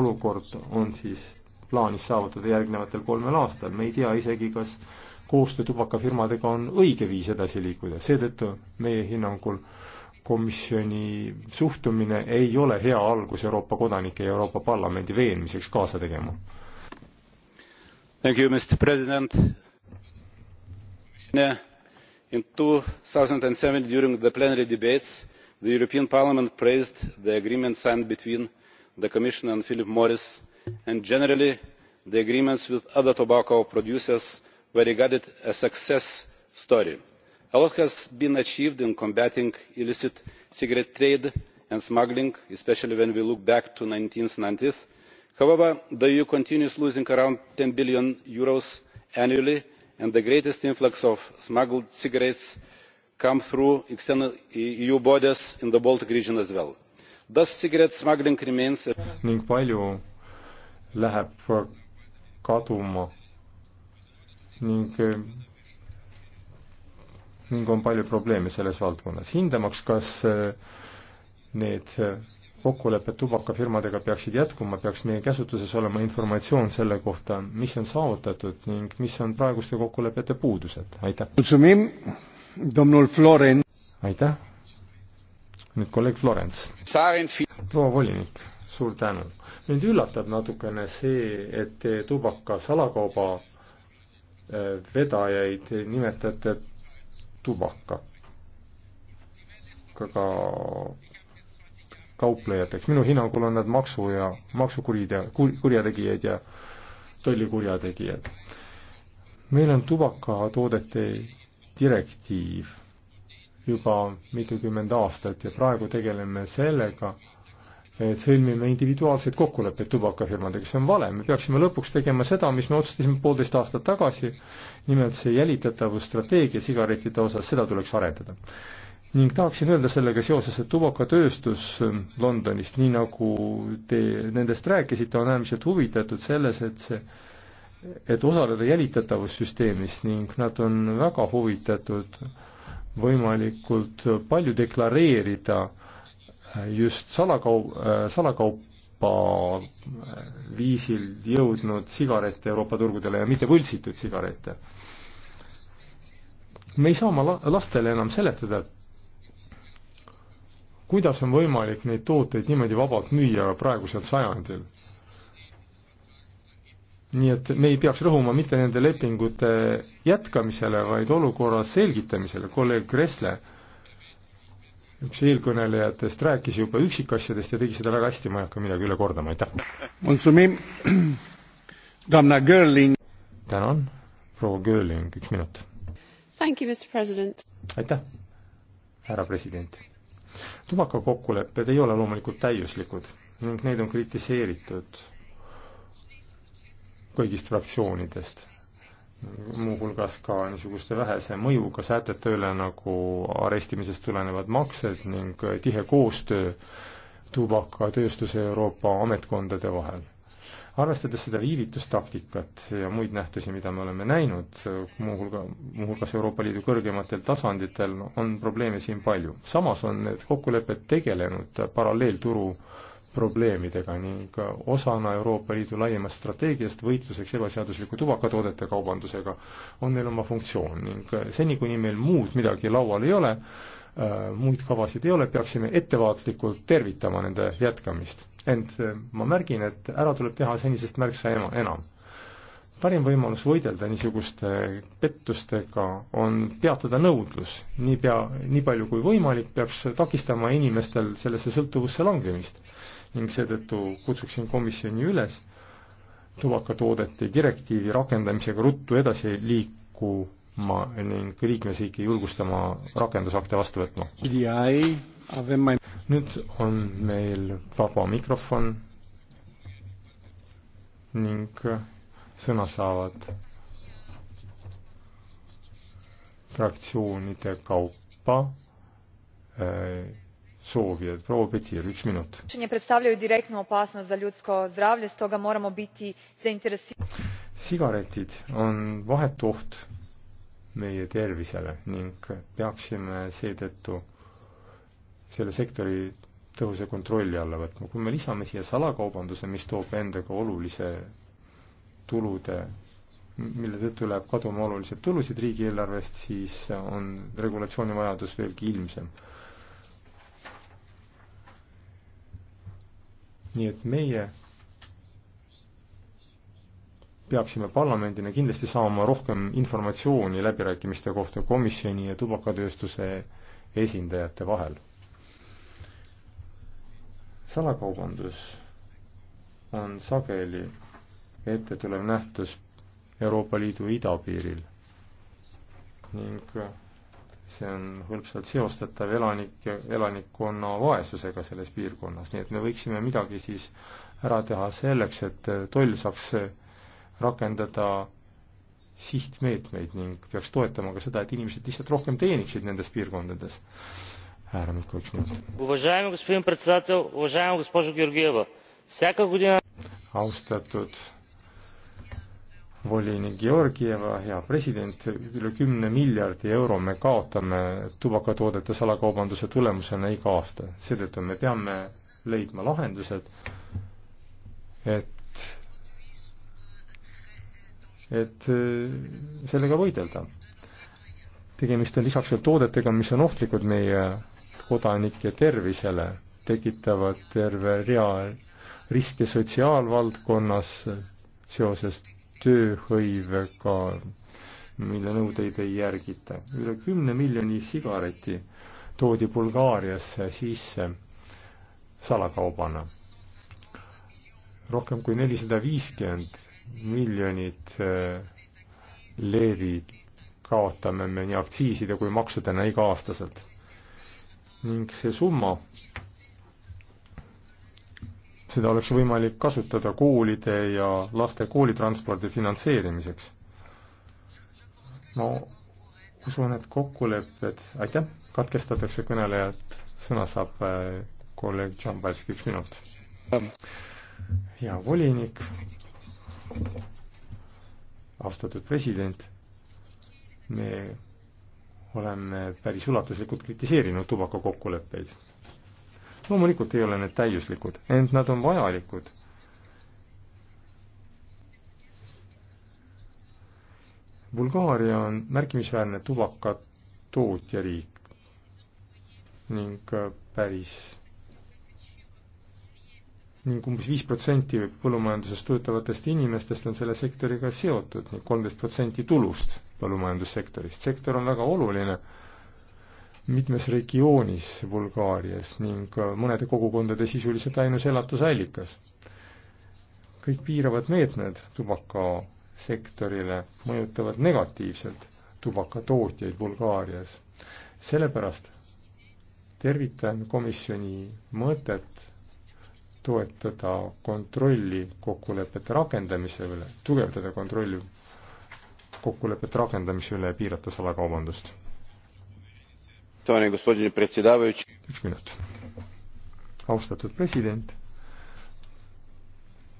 [SPEAKER 1] olukord on siis plaanis saavutada järgnevatel kolmel aastal, me ei tea isegi, kas koostöö tubakafirmadega on õige viis edasi liikuda, seetõttu meie hinnangul äh, komisjoni suhtumine ei ole hea algus Euroopa kodanike ja Euroopa Parlamendi veenmiseks kaasa tegema.
[SPEAKER 3] Thank you, Mr President. In 2007 during the plenary debates, the European Parliament praised the agreement signed between the Commission and Philip Morris and generally the agreements with other tobacco producers were regarded as success story a lot has been achieved in combating illicit cigarette trade and smuggling especially when we look back to the one thousand nine hundred and ninety s. however the eu continues losing around eur ten billion annually and the greatest influx of smuggled cigarettes comes through external eu e borders in the baltic region as well. thus cigarette smuggling remains.
[SPEAKER 1] ning palju läheb kaduma ning ning on palju probleeme selles valdkonnas. hindamaks, kas äh, need äh, kokkulepped tubakafirmadega peaksid jätkuma, peaks meie käsutuses olema informatsioon selle kohta, mis on saavutatud ning mis on praeguste kokkulepete puudused, aitäh. aitäh. nüüd kolleeg Florence. proua volinik, suur tänu. mind üllatab natukene see, et te tubaka salakauba äh, vedajaid nimetate tubakaga kauplejateks, minu hinnangul on nad maksu ja maksukurite-, kurjategijad ja tollikurjategijad. meil on tubakatoodete direktiiv juba mitukümmend aastat ja praegu tegeleme sellega, et sõlmime individuaalseid kokkuleppeid tubakafirmadega, see on vale, me peaksime lõpuks tegema seda, mis me otsustasime poolteist aastat tagasi, nimelt see jälitatavusstrateegia sigarettide osas, seda tuleks arendada. ning tahaksin öelda sellega seoses, et tubakatööstus Londonist, nii nagu te nendest rääkisite, on äärmiselt huvitatud selles, et see et osaleda jälitatavussüsteemis ning nad on väga huvitatud võimalikult palju deklareerida äh, just salakau-, salakaupa viisil jõudnud sigarette Euroopa turgudele ja mitte võltsitud sigarette. me ei saa oma lastele enam seletada, kuidas on võimalik neid tooteid niimoodi vabalt müüa praegusel sajandil nii et me ei peaks rõhuma mitte nende lepingute jätkamisele, vaid olukorra selgitamisele, kolleeg Kressle üks eelkõnelejatest rääkis juba üksikasjadest ja tegi seda väga hästi, ma ei hakka midagi üle kordama, aitäh. tänan, proua Gööling, üks minut. aitäh, härra president. tubakakokkulepped ei ole loomulikult täiuslikud ning neid on kritiseeritud kõigist fraktsioonidest muuhulgas ka niisuguste vähese mõjuga sätete üle, nagu arestimisest tulenevad maksed ning tihe koostöö tubakatööstuse Euroopa ametkondade vahel. arvestades seda viivitustaktikat ja muid nähtusi, mida me oleme näinud, muuhulga, muuhulgas Euroopa Liidu kõrgematel tasanditel, on probleeme siin palju. samas on need kokkulepped tegelenud paralleelturu äh, probleemidega ning osana Euroopa Liidu laiemast strateegiast võitluseks ebaseadusliku tubakatoodete kaubandusega on meil oma funktsioon ning seni, kuni meil muud midagi laual ei ole, äh, muid kavasid ei ole, peaksime ettevaatlikult tervitama nende jätkamist. ent äh, ma märgin, et ära tuleb teha senisest märksa enam. parim võimalus võidelda niisuguste pettustega on peatada nõudlus. niipea, nii palju kui võimalik, peaks takistama inimestel sellesse sõltuvusse langemist ning seetõttu kutsuksin komisjoni üles tubakatoodete direktiivi rakendamisega ruttu edasi liikuma ning liikmesriiki julgustama rakendusakte vastu võtma. nüüd on meil vaba mikrofon ning sõna saavad fraktsioonide kaupa äh, soovijaid. proua Petir, üks minut.
[SPEAKER 4] predstavljaju direktnu opasnost za ljudsko zdravlje, stoga moramo biti
[SPEAKER 2] zainteresirani.
[SPEAKER 1] sigaretid on vahetu oht meie tervisele ning peaksime seetõttu selle sektori tõhusa kontrolli alla võtma. kui me lisame siia salakaubanduse, mis toob endaga olulise tulude, mille tõttu läheb kaduma oluliselt tulusid riigieelarvest, siis on regulatsiooni vajadus veelgi ilmsem nii et meie peaksime parlamendina kindlasti saama rohkem informatsiooni läbirääkimiste kohta komisjoni ja tubakatööstuse esindajate vahel. salakaubandus on sageli ette tulev nähtus Euroopa Liidu idapiiril ning see on hõlpsalt seostatav elanike, elanikkonna vaesusega selles piirkonnas, nii et me võiksime midagi siis ära teha selleks, et toll saaks rakendada sihtmeetmeid ning peaks toetama ka seda, et inimesed lihtsalt rohkem teeniksid nendes piirkondades. härra Mikko, üks minut. austatud volinik Georgieva, hea president, üle kümne miljardi euro me kaotame tubakatoodete salakaubanduse tulemusena iga aasta. seetõttu me peame leidma lahendused, et, et äh, sellega võidelda. tegemist on lisaks veel toodetega, mis on ohtlikud meie kodanike tervisele, tekitavad terve rea riske sotsiaalvaldkonnas seoses tööhõivega, mille nõudeid ei järgita. üle kümne miljoni sigareti toodi Bulgaariasse sisse salakaubana. rohkem kui nelisada viiskümmend miljonit äh, leevi kaotame me nii aktsiiside kui maksudena iga-aastaselt. ning see summa seda oleks võimalik kasutada koolide ja laste koolitranspordi finantseerimiseks. ma usun, et kokkulepped, aitäh, katkestatakse kõnelejalt, sõna saab äh, kolleeg Tšambalski, üks minut. hea volinik, austatud president, me oleme päris ulatuslikult kritiseerinud tubakakokkuleppeid loomulikult ei ole need täiuslikud, ent nad on vajalikud. Bulgaaria on märkimisväärne tubakatootja riik ning äh, päris ning umbes viis protsenti põllumajanduses töötavatest inimestest on selle sektoriga seotud ning kolmteist protsenti tulust põllumajandussektorist. sektor on väga oluline mitmes regioonis Bulgaarias ning äh, mõnede kogukondade sisuliselt ainus elatusallikas. kõik piiravad meetmed tubakasektorile mõjutavad negatiivselt tubakatootjaid Bulgaarias. sellepärast tervitan komisjoni mõtet toetada kontrolli kokkulepete rakendamise üle, tugevdada kontrolli kokkulepete rakendamise üle ja piirata salakaubandust
[SPEAKER 3] gospodine predsjedavajući
[SPEAKER 1] üks minut austatud president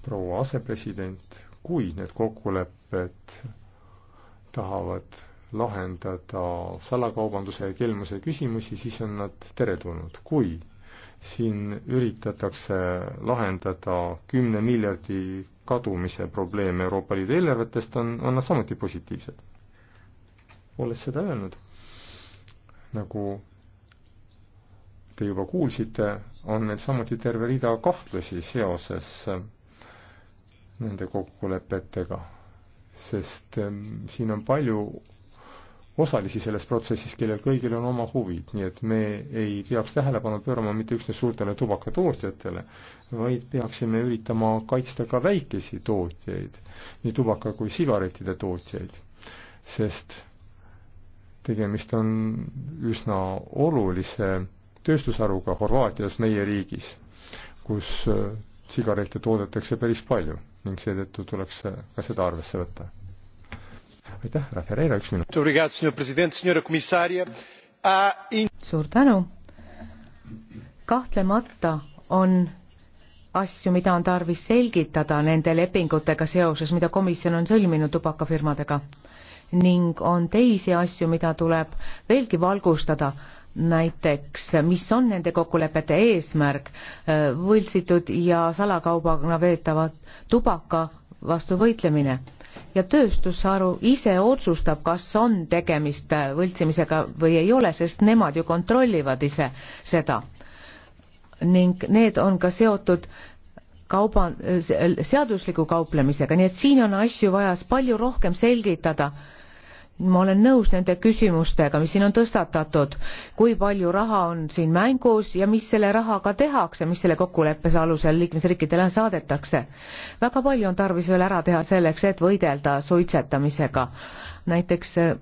[SPEAKER 1] proua asepresident kui need kokkulepped tahavad lahendada salakaubanduse ja kelmuse küsimusi, siis on nad teretulnud. kui siin üritatakse lahendada kümne miljardi kadumise probleem Euroopa Liidu eelarvetest, on, on nad samuti positiivsed. olles seda öelnud, nagu te juba kuulsite, on meil samuti terve rida kahtlusi seoses nende kokkulepetega, sest ähm, siin on palju osalisi selles protsessis, kellel kõigil on oma huvid, nii et me ei peaks tähelepanu pöörama mitte üksnes suurtele tubakatootjatele, vaid peaksime üritama kaitsta ka väikesi tootjaid, nii tubaka kui sigarettide tootjaid, sest tegemist on üsna olulise tööstusharuga Horvaatias, meie riigis, kus äh, sigarette toodetakse päris palju ning seetõttu tuleks ka seda arvesse võtta. aitäh, härra Ferreira, üks minut.
[SPEAKER 4] suur tänu. kahtlemata on asju, mida on tarvis selgitada nende lepingutega seoses, mida komisjon on sõlminud tubakafirmadega ning on teisi asju, mida tuleb veelgi valgustada, näiteks mis on nende kokkulepete eesmärk, võltsitud ja salakaubaga veetavad tubaka vastu võitlemine ja tööstusharu ise otsustab, kas on tegemist võltsimisega või ei ole, sest nemad ju kontrollivad ise seda. ning need on ka seotud kauba, seadusliku kauplemisega, nii et siin on asju vaja palju rohkem selgitada ma olen nõus nende küsimustega, mis siin on tõstatatud, kui palju raha on siin mängus ja mis selle rahaga tehakse, mis selle kokkuleppes alusel liikmesriikidele saadetakse. väga palju on tarvis veel ära teha selleks, et võidelda suitsetamisega. näiteks äh,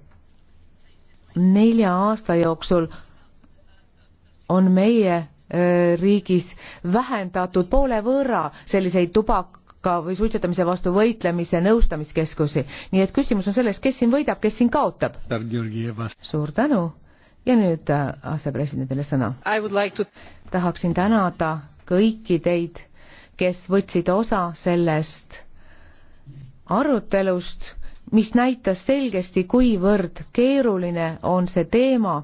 [SPEAKER 4] nelja aasta jooksul on meie äh, riigis vähendatud poole võrra selliseid tubak-, ka või suitsetamise vastu võitlemise nõustamiskeskusi. nii et küsimus on selles, kes siin võidab, kes siin kaotab. suur tänu ja nüüd äh, asepresidendile sõna. Like to... tahaksin tänada kõiki teid, kes võtsid osa sellest arutelust, mis näitas selgesti, kuivõrd keeruline on see teema.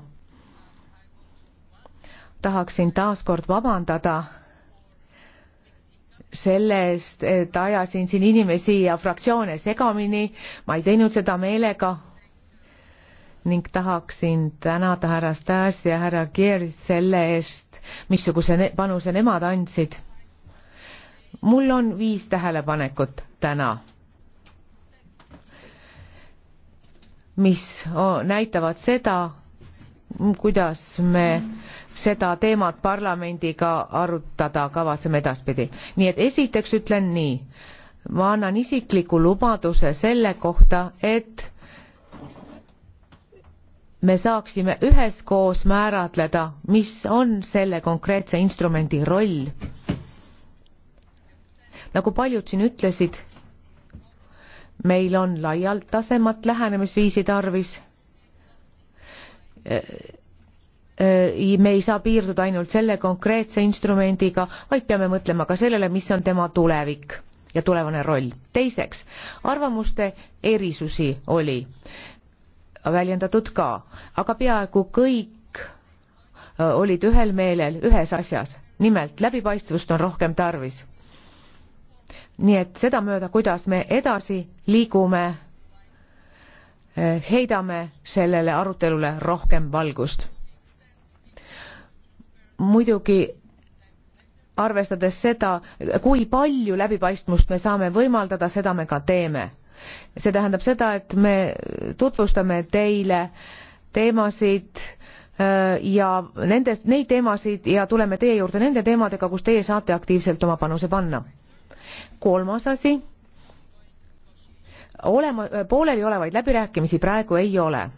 [SPEAKER 4] tahaksin taas kord vabandada sellest, et ajasin siin inimesi ja fraktsioone segamini, ma ei teinud seda meelega ning tahaksin tänada härra Stas ja härra Kier selle eest, missuguse ne panuse nemad andsid. mul on viis tähelepanekut täna mis näitavad seda, kuidas me seda teemat parlamendiga arutada kavatseme edaspidi. nii et esiteks ütlen nii, ma annan isikliku lubaduse selle kohta, et me saaksime üheskoos määratleda, mis on selle konkreetse instrumendi roll. nagu paljud siin ütlesid, meil on laialdasemat lähenemisviisi tarvis Äh, me ei saa piirduda ainult selle konkreetse instrumendiga, vaid peame mõtlema ka sellele, mis on tema tulevik ja tulevane roll. teiseks, arvamuste erisusi oli väljendatud ka, aga peaaegu kõik äh, olid ühel meelel ühes asjas, nimelt läbipaistvust on rohkem tarvis. nii et sedamööda, kuidas me edasi liigume, äh, heidame sellele arutelule rohkem valgust muidugi arvestades seda, kui palju läbipaistvust me saame võimaldada, seda me ka teeme. see tähendab seda, et me tutvustame teile teemasid äh, ja nendest, neid teemasid ja tuleme teie juurde nende teemadega, kus teie saate aktiivselt oma panuse panna. kolmas asi, olema, pooleliolevaid läbirääkimisi praegu ei ole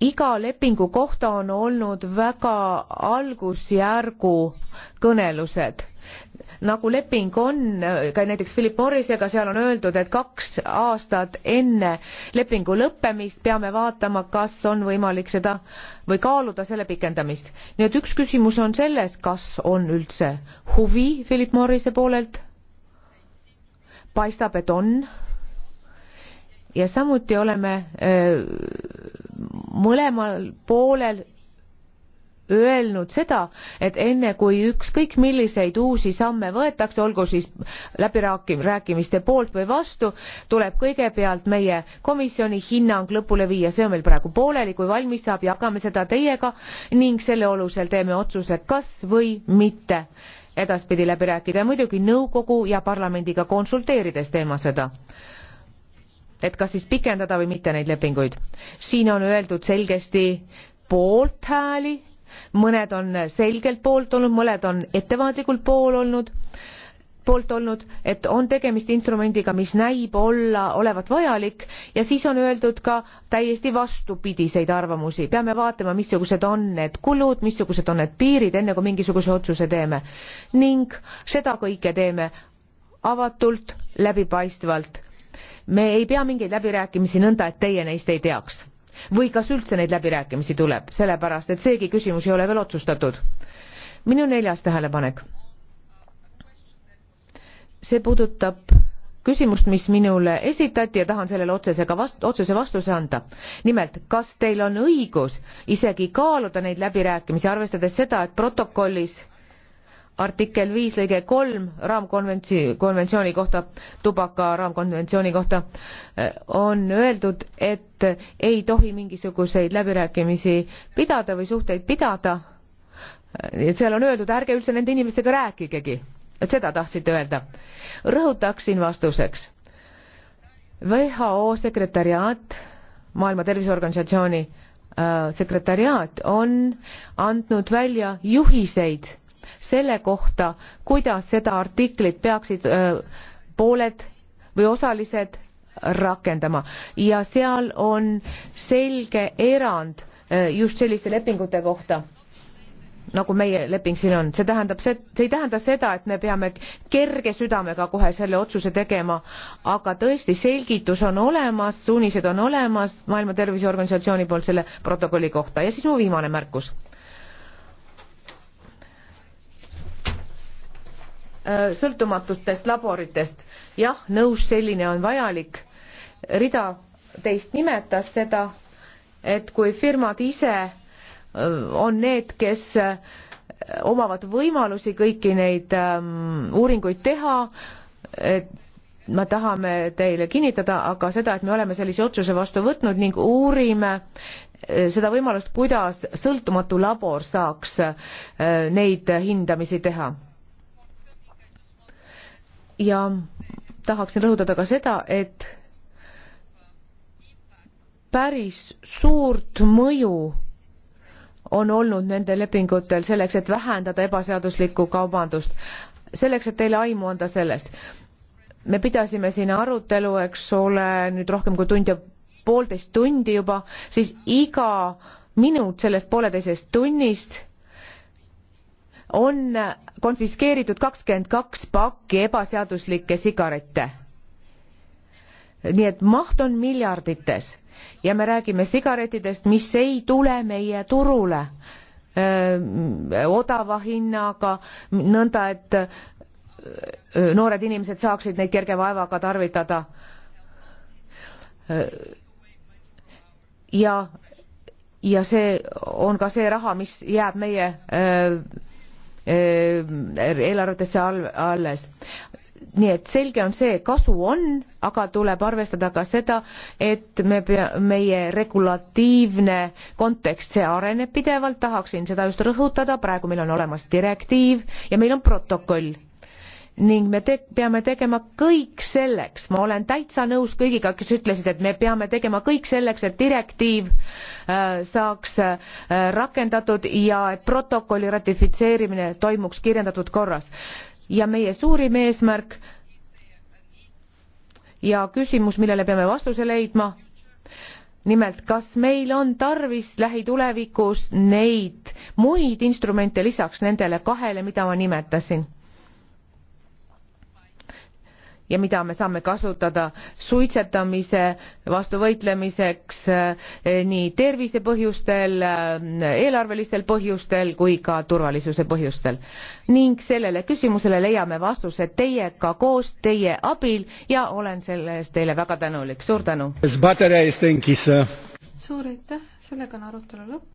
[SPEAKER 4] iga lepingu kohta on olnud väga algusjärgu kõnelused nagu leping on ka näiteks Philip Morrisega, seal on öeldud, et kaks aastat enne lepingu lõppemist peame vaatama, kas on võimalik seda või kaaluda selle pikendamist. nii et üks küsimus on selles, kas on üldse huvi Philip Morrise poolelt. paistab, et on ja samuti oleme mõlemal poolel öelnud seda, et enne kui ükskõik milliseid uusi samme võetakse, olgu siis läbirääkimiste poolt või vastu, tuleb kõigepealt meie komisjoni hinnang lõpule viia, see on meil praegu pooleli, kui valmis saab, jagame seda teiega ning selle alusel teeme otsuse, kas või mitte edaspidi läbi rääkida ja muidugi nõukogu ja parlamendiga konsulteerides teeme seda et kas siis pikendada või mitte neid lepinguid. siin on öeldud selgesti poolthääli, mõned on selgelt poolt olnud, mõned on ettevaatlikult pool olnud, poolt olnud, et on tegemist instrumendiga, mis näib olla, olevat vajalik ja siis on öeldud ka täiesti vastupidiseid arvamusi. peame vaatama, missugused on need kulud, missugused on need piirid, enne kui mingisuguse otsuse teeme. ning seda kõike teeme avatult, läbipaistvalt me ei pea mingeid läbirääkimisi nõnda, et teie neist ei teaks või kas üldse neid läbirääkimisi tuleb, sellepärast et seegi küsimus ei ole veel otsustatud. minu neljas tähelepanek. see puudutab küsimust, mis minule esitati ja tahan sellele otsesega vast-, otsese vastuse anda. nimelt, kas teil on õigus isegi kaaluda neid läbirääkimisi, arvestades seda, et protokollis artikkel viis lõige kolm raamkonventsi-, konventsiooni kohta, tubaka raamkonventsiooni kohta, eh, on öeldud, et ei tohi mingisuguseid läbirääkimisi pidada või suhteid pidada. Eh, et seal on öeldud, ärge üldse nende inimestega rääkigegi, et seda tahtsite öelda. rõhutaksin vastuseks. WHO sekretariaat, Maailma Terviseorganisatsiooni äh, sekretariaat on andnud välja juhiseid selle kohta, kuidas seda artiklit peaksid öö, pooled või osalised rakendama ja seal on selge erand just selliste lepingute kohta nagu meie leping siin on, see tähendab, see, see ei tähenda seda, et me peame kerge südamega kohe selle otsuse tegema, aga tõesti, selgitus on olemas, suunised on olemas Maailma Terviseorganisatsiooni poolt selle protokolli kohta ja siis mu viimane märkus Äh, sõltumatutest laboritest. jah, nõus, selline on vajalik. rida teist nimetas seda, et kui firmad ise äh, on need, kes äh, omavad võimalusi kõiki neid ähm, uuringuid teha, et me tahame teile kinnitada aga seda, et me oleme sellise otsuse vastu võtnud ning uurime seda võimalust, kuidas sõltumatu labor saaks neid hindamisi teha ja tahaksin rõhutada ka seda, et päris suurt mõju on olnud nendel lepingutel selleks, et vähendada ebaseaduslikku kaubandust. selleks, et teile aimu anda sellest, me pidasime siin arutelu, eks ole, nüüd rohkem kui tund ja poolteist tundi juba, siis iga minut sellest pooleteisest tunnist on konfiskeeritud kakskümmend kaks pakki ebaseaduslikke sigarette. nii et maht on miljardites ja me räägime sigaretidest, mis ei tule meie turule öö, odava hinnaga, nõnda et öö, noored inimesed saaksid neid kerge vaevaga tarvitada. ja, ja see on ka see raha, mis jääb meie öö, eelarvetesse alles nii et selge on see, kasu on, aga tuleb arvestada ka seda, et me pea, meie regulatiivne kontekst, see areneb pidevalt, tahaksin seda just rõhutada, praegu meil on olemas direktiiv ja meil on protokoll ning me te peame tegema kõik selleks, ma olen täitsa nõus kõigiga, kes ütlesid, et me peame tegema kõik selleks, et direktiiv äh, saaks äh, rakendatud ja et protokolli ratifitseerimine toimuks kirjeldatud korras. ja meie suurim eesmärk ja küsimus, millele peame vastuse leidma, nimelt kas meil on tarvis lähitulevikus neid muid instrumente lisaks nendele kahele, mida ma nimetasin ja mida me saame kasutada suitsetamise vastu võitlemiseks eh, nii tervise põhjustel, eh, eelarvelistel põhjustel kui ka turvalisuse põhjustel. ning sellele küsimusele leiame vastuse teiega koos, teie abil ja olen selle eest teile väga tänulik, suur tänu!
[SPEAKER 2] suur aitäh, sellega on arutelu lõpp.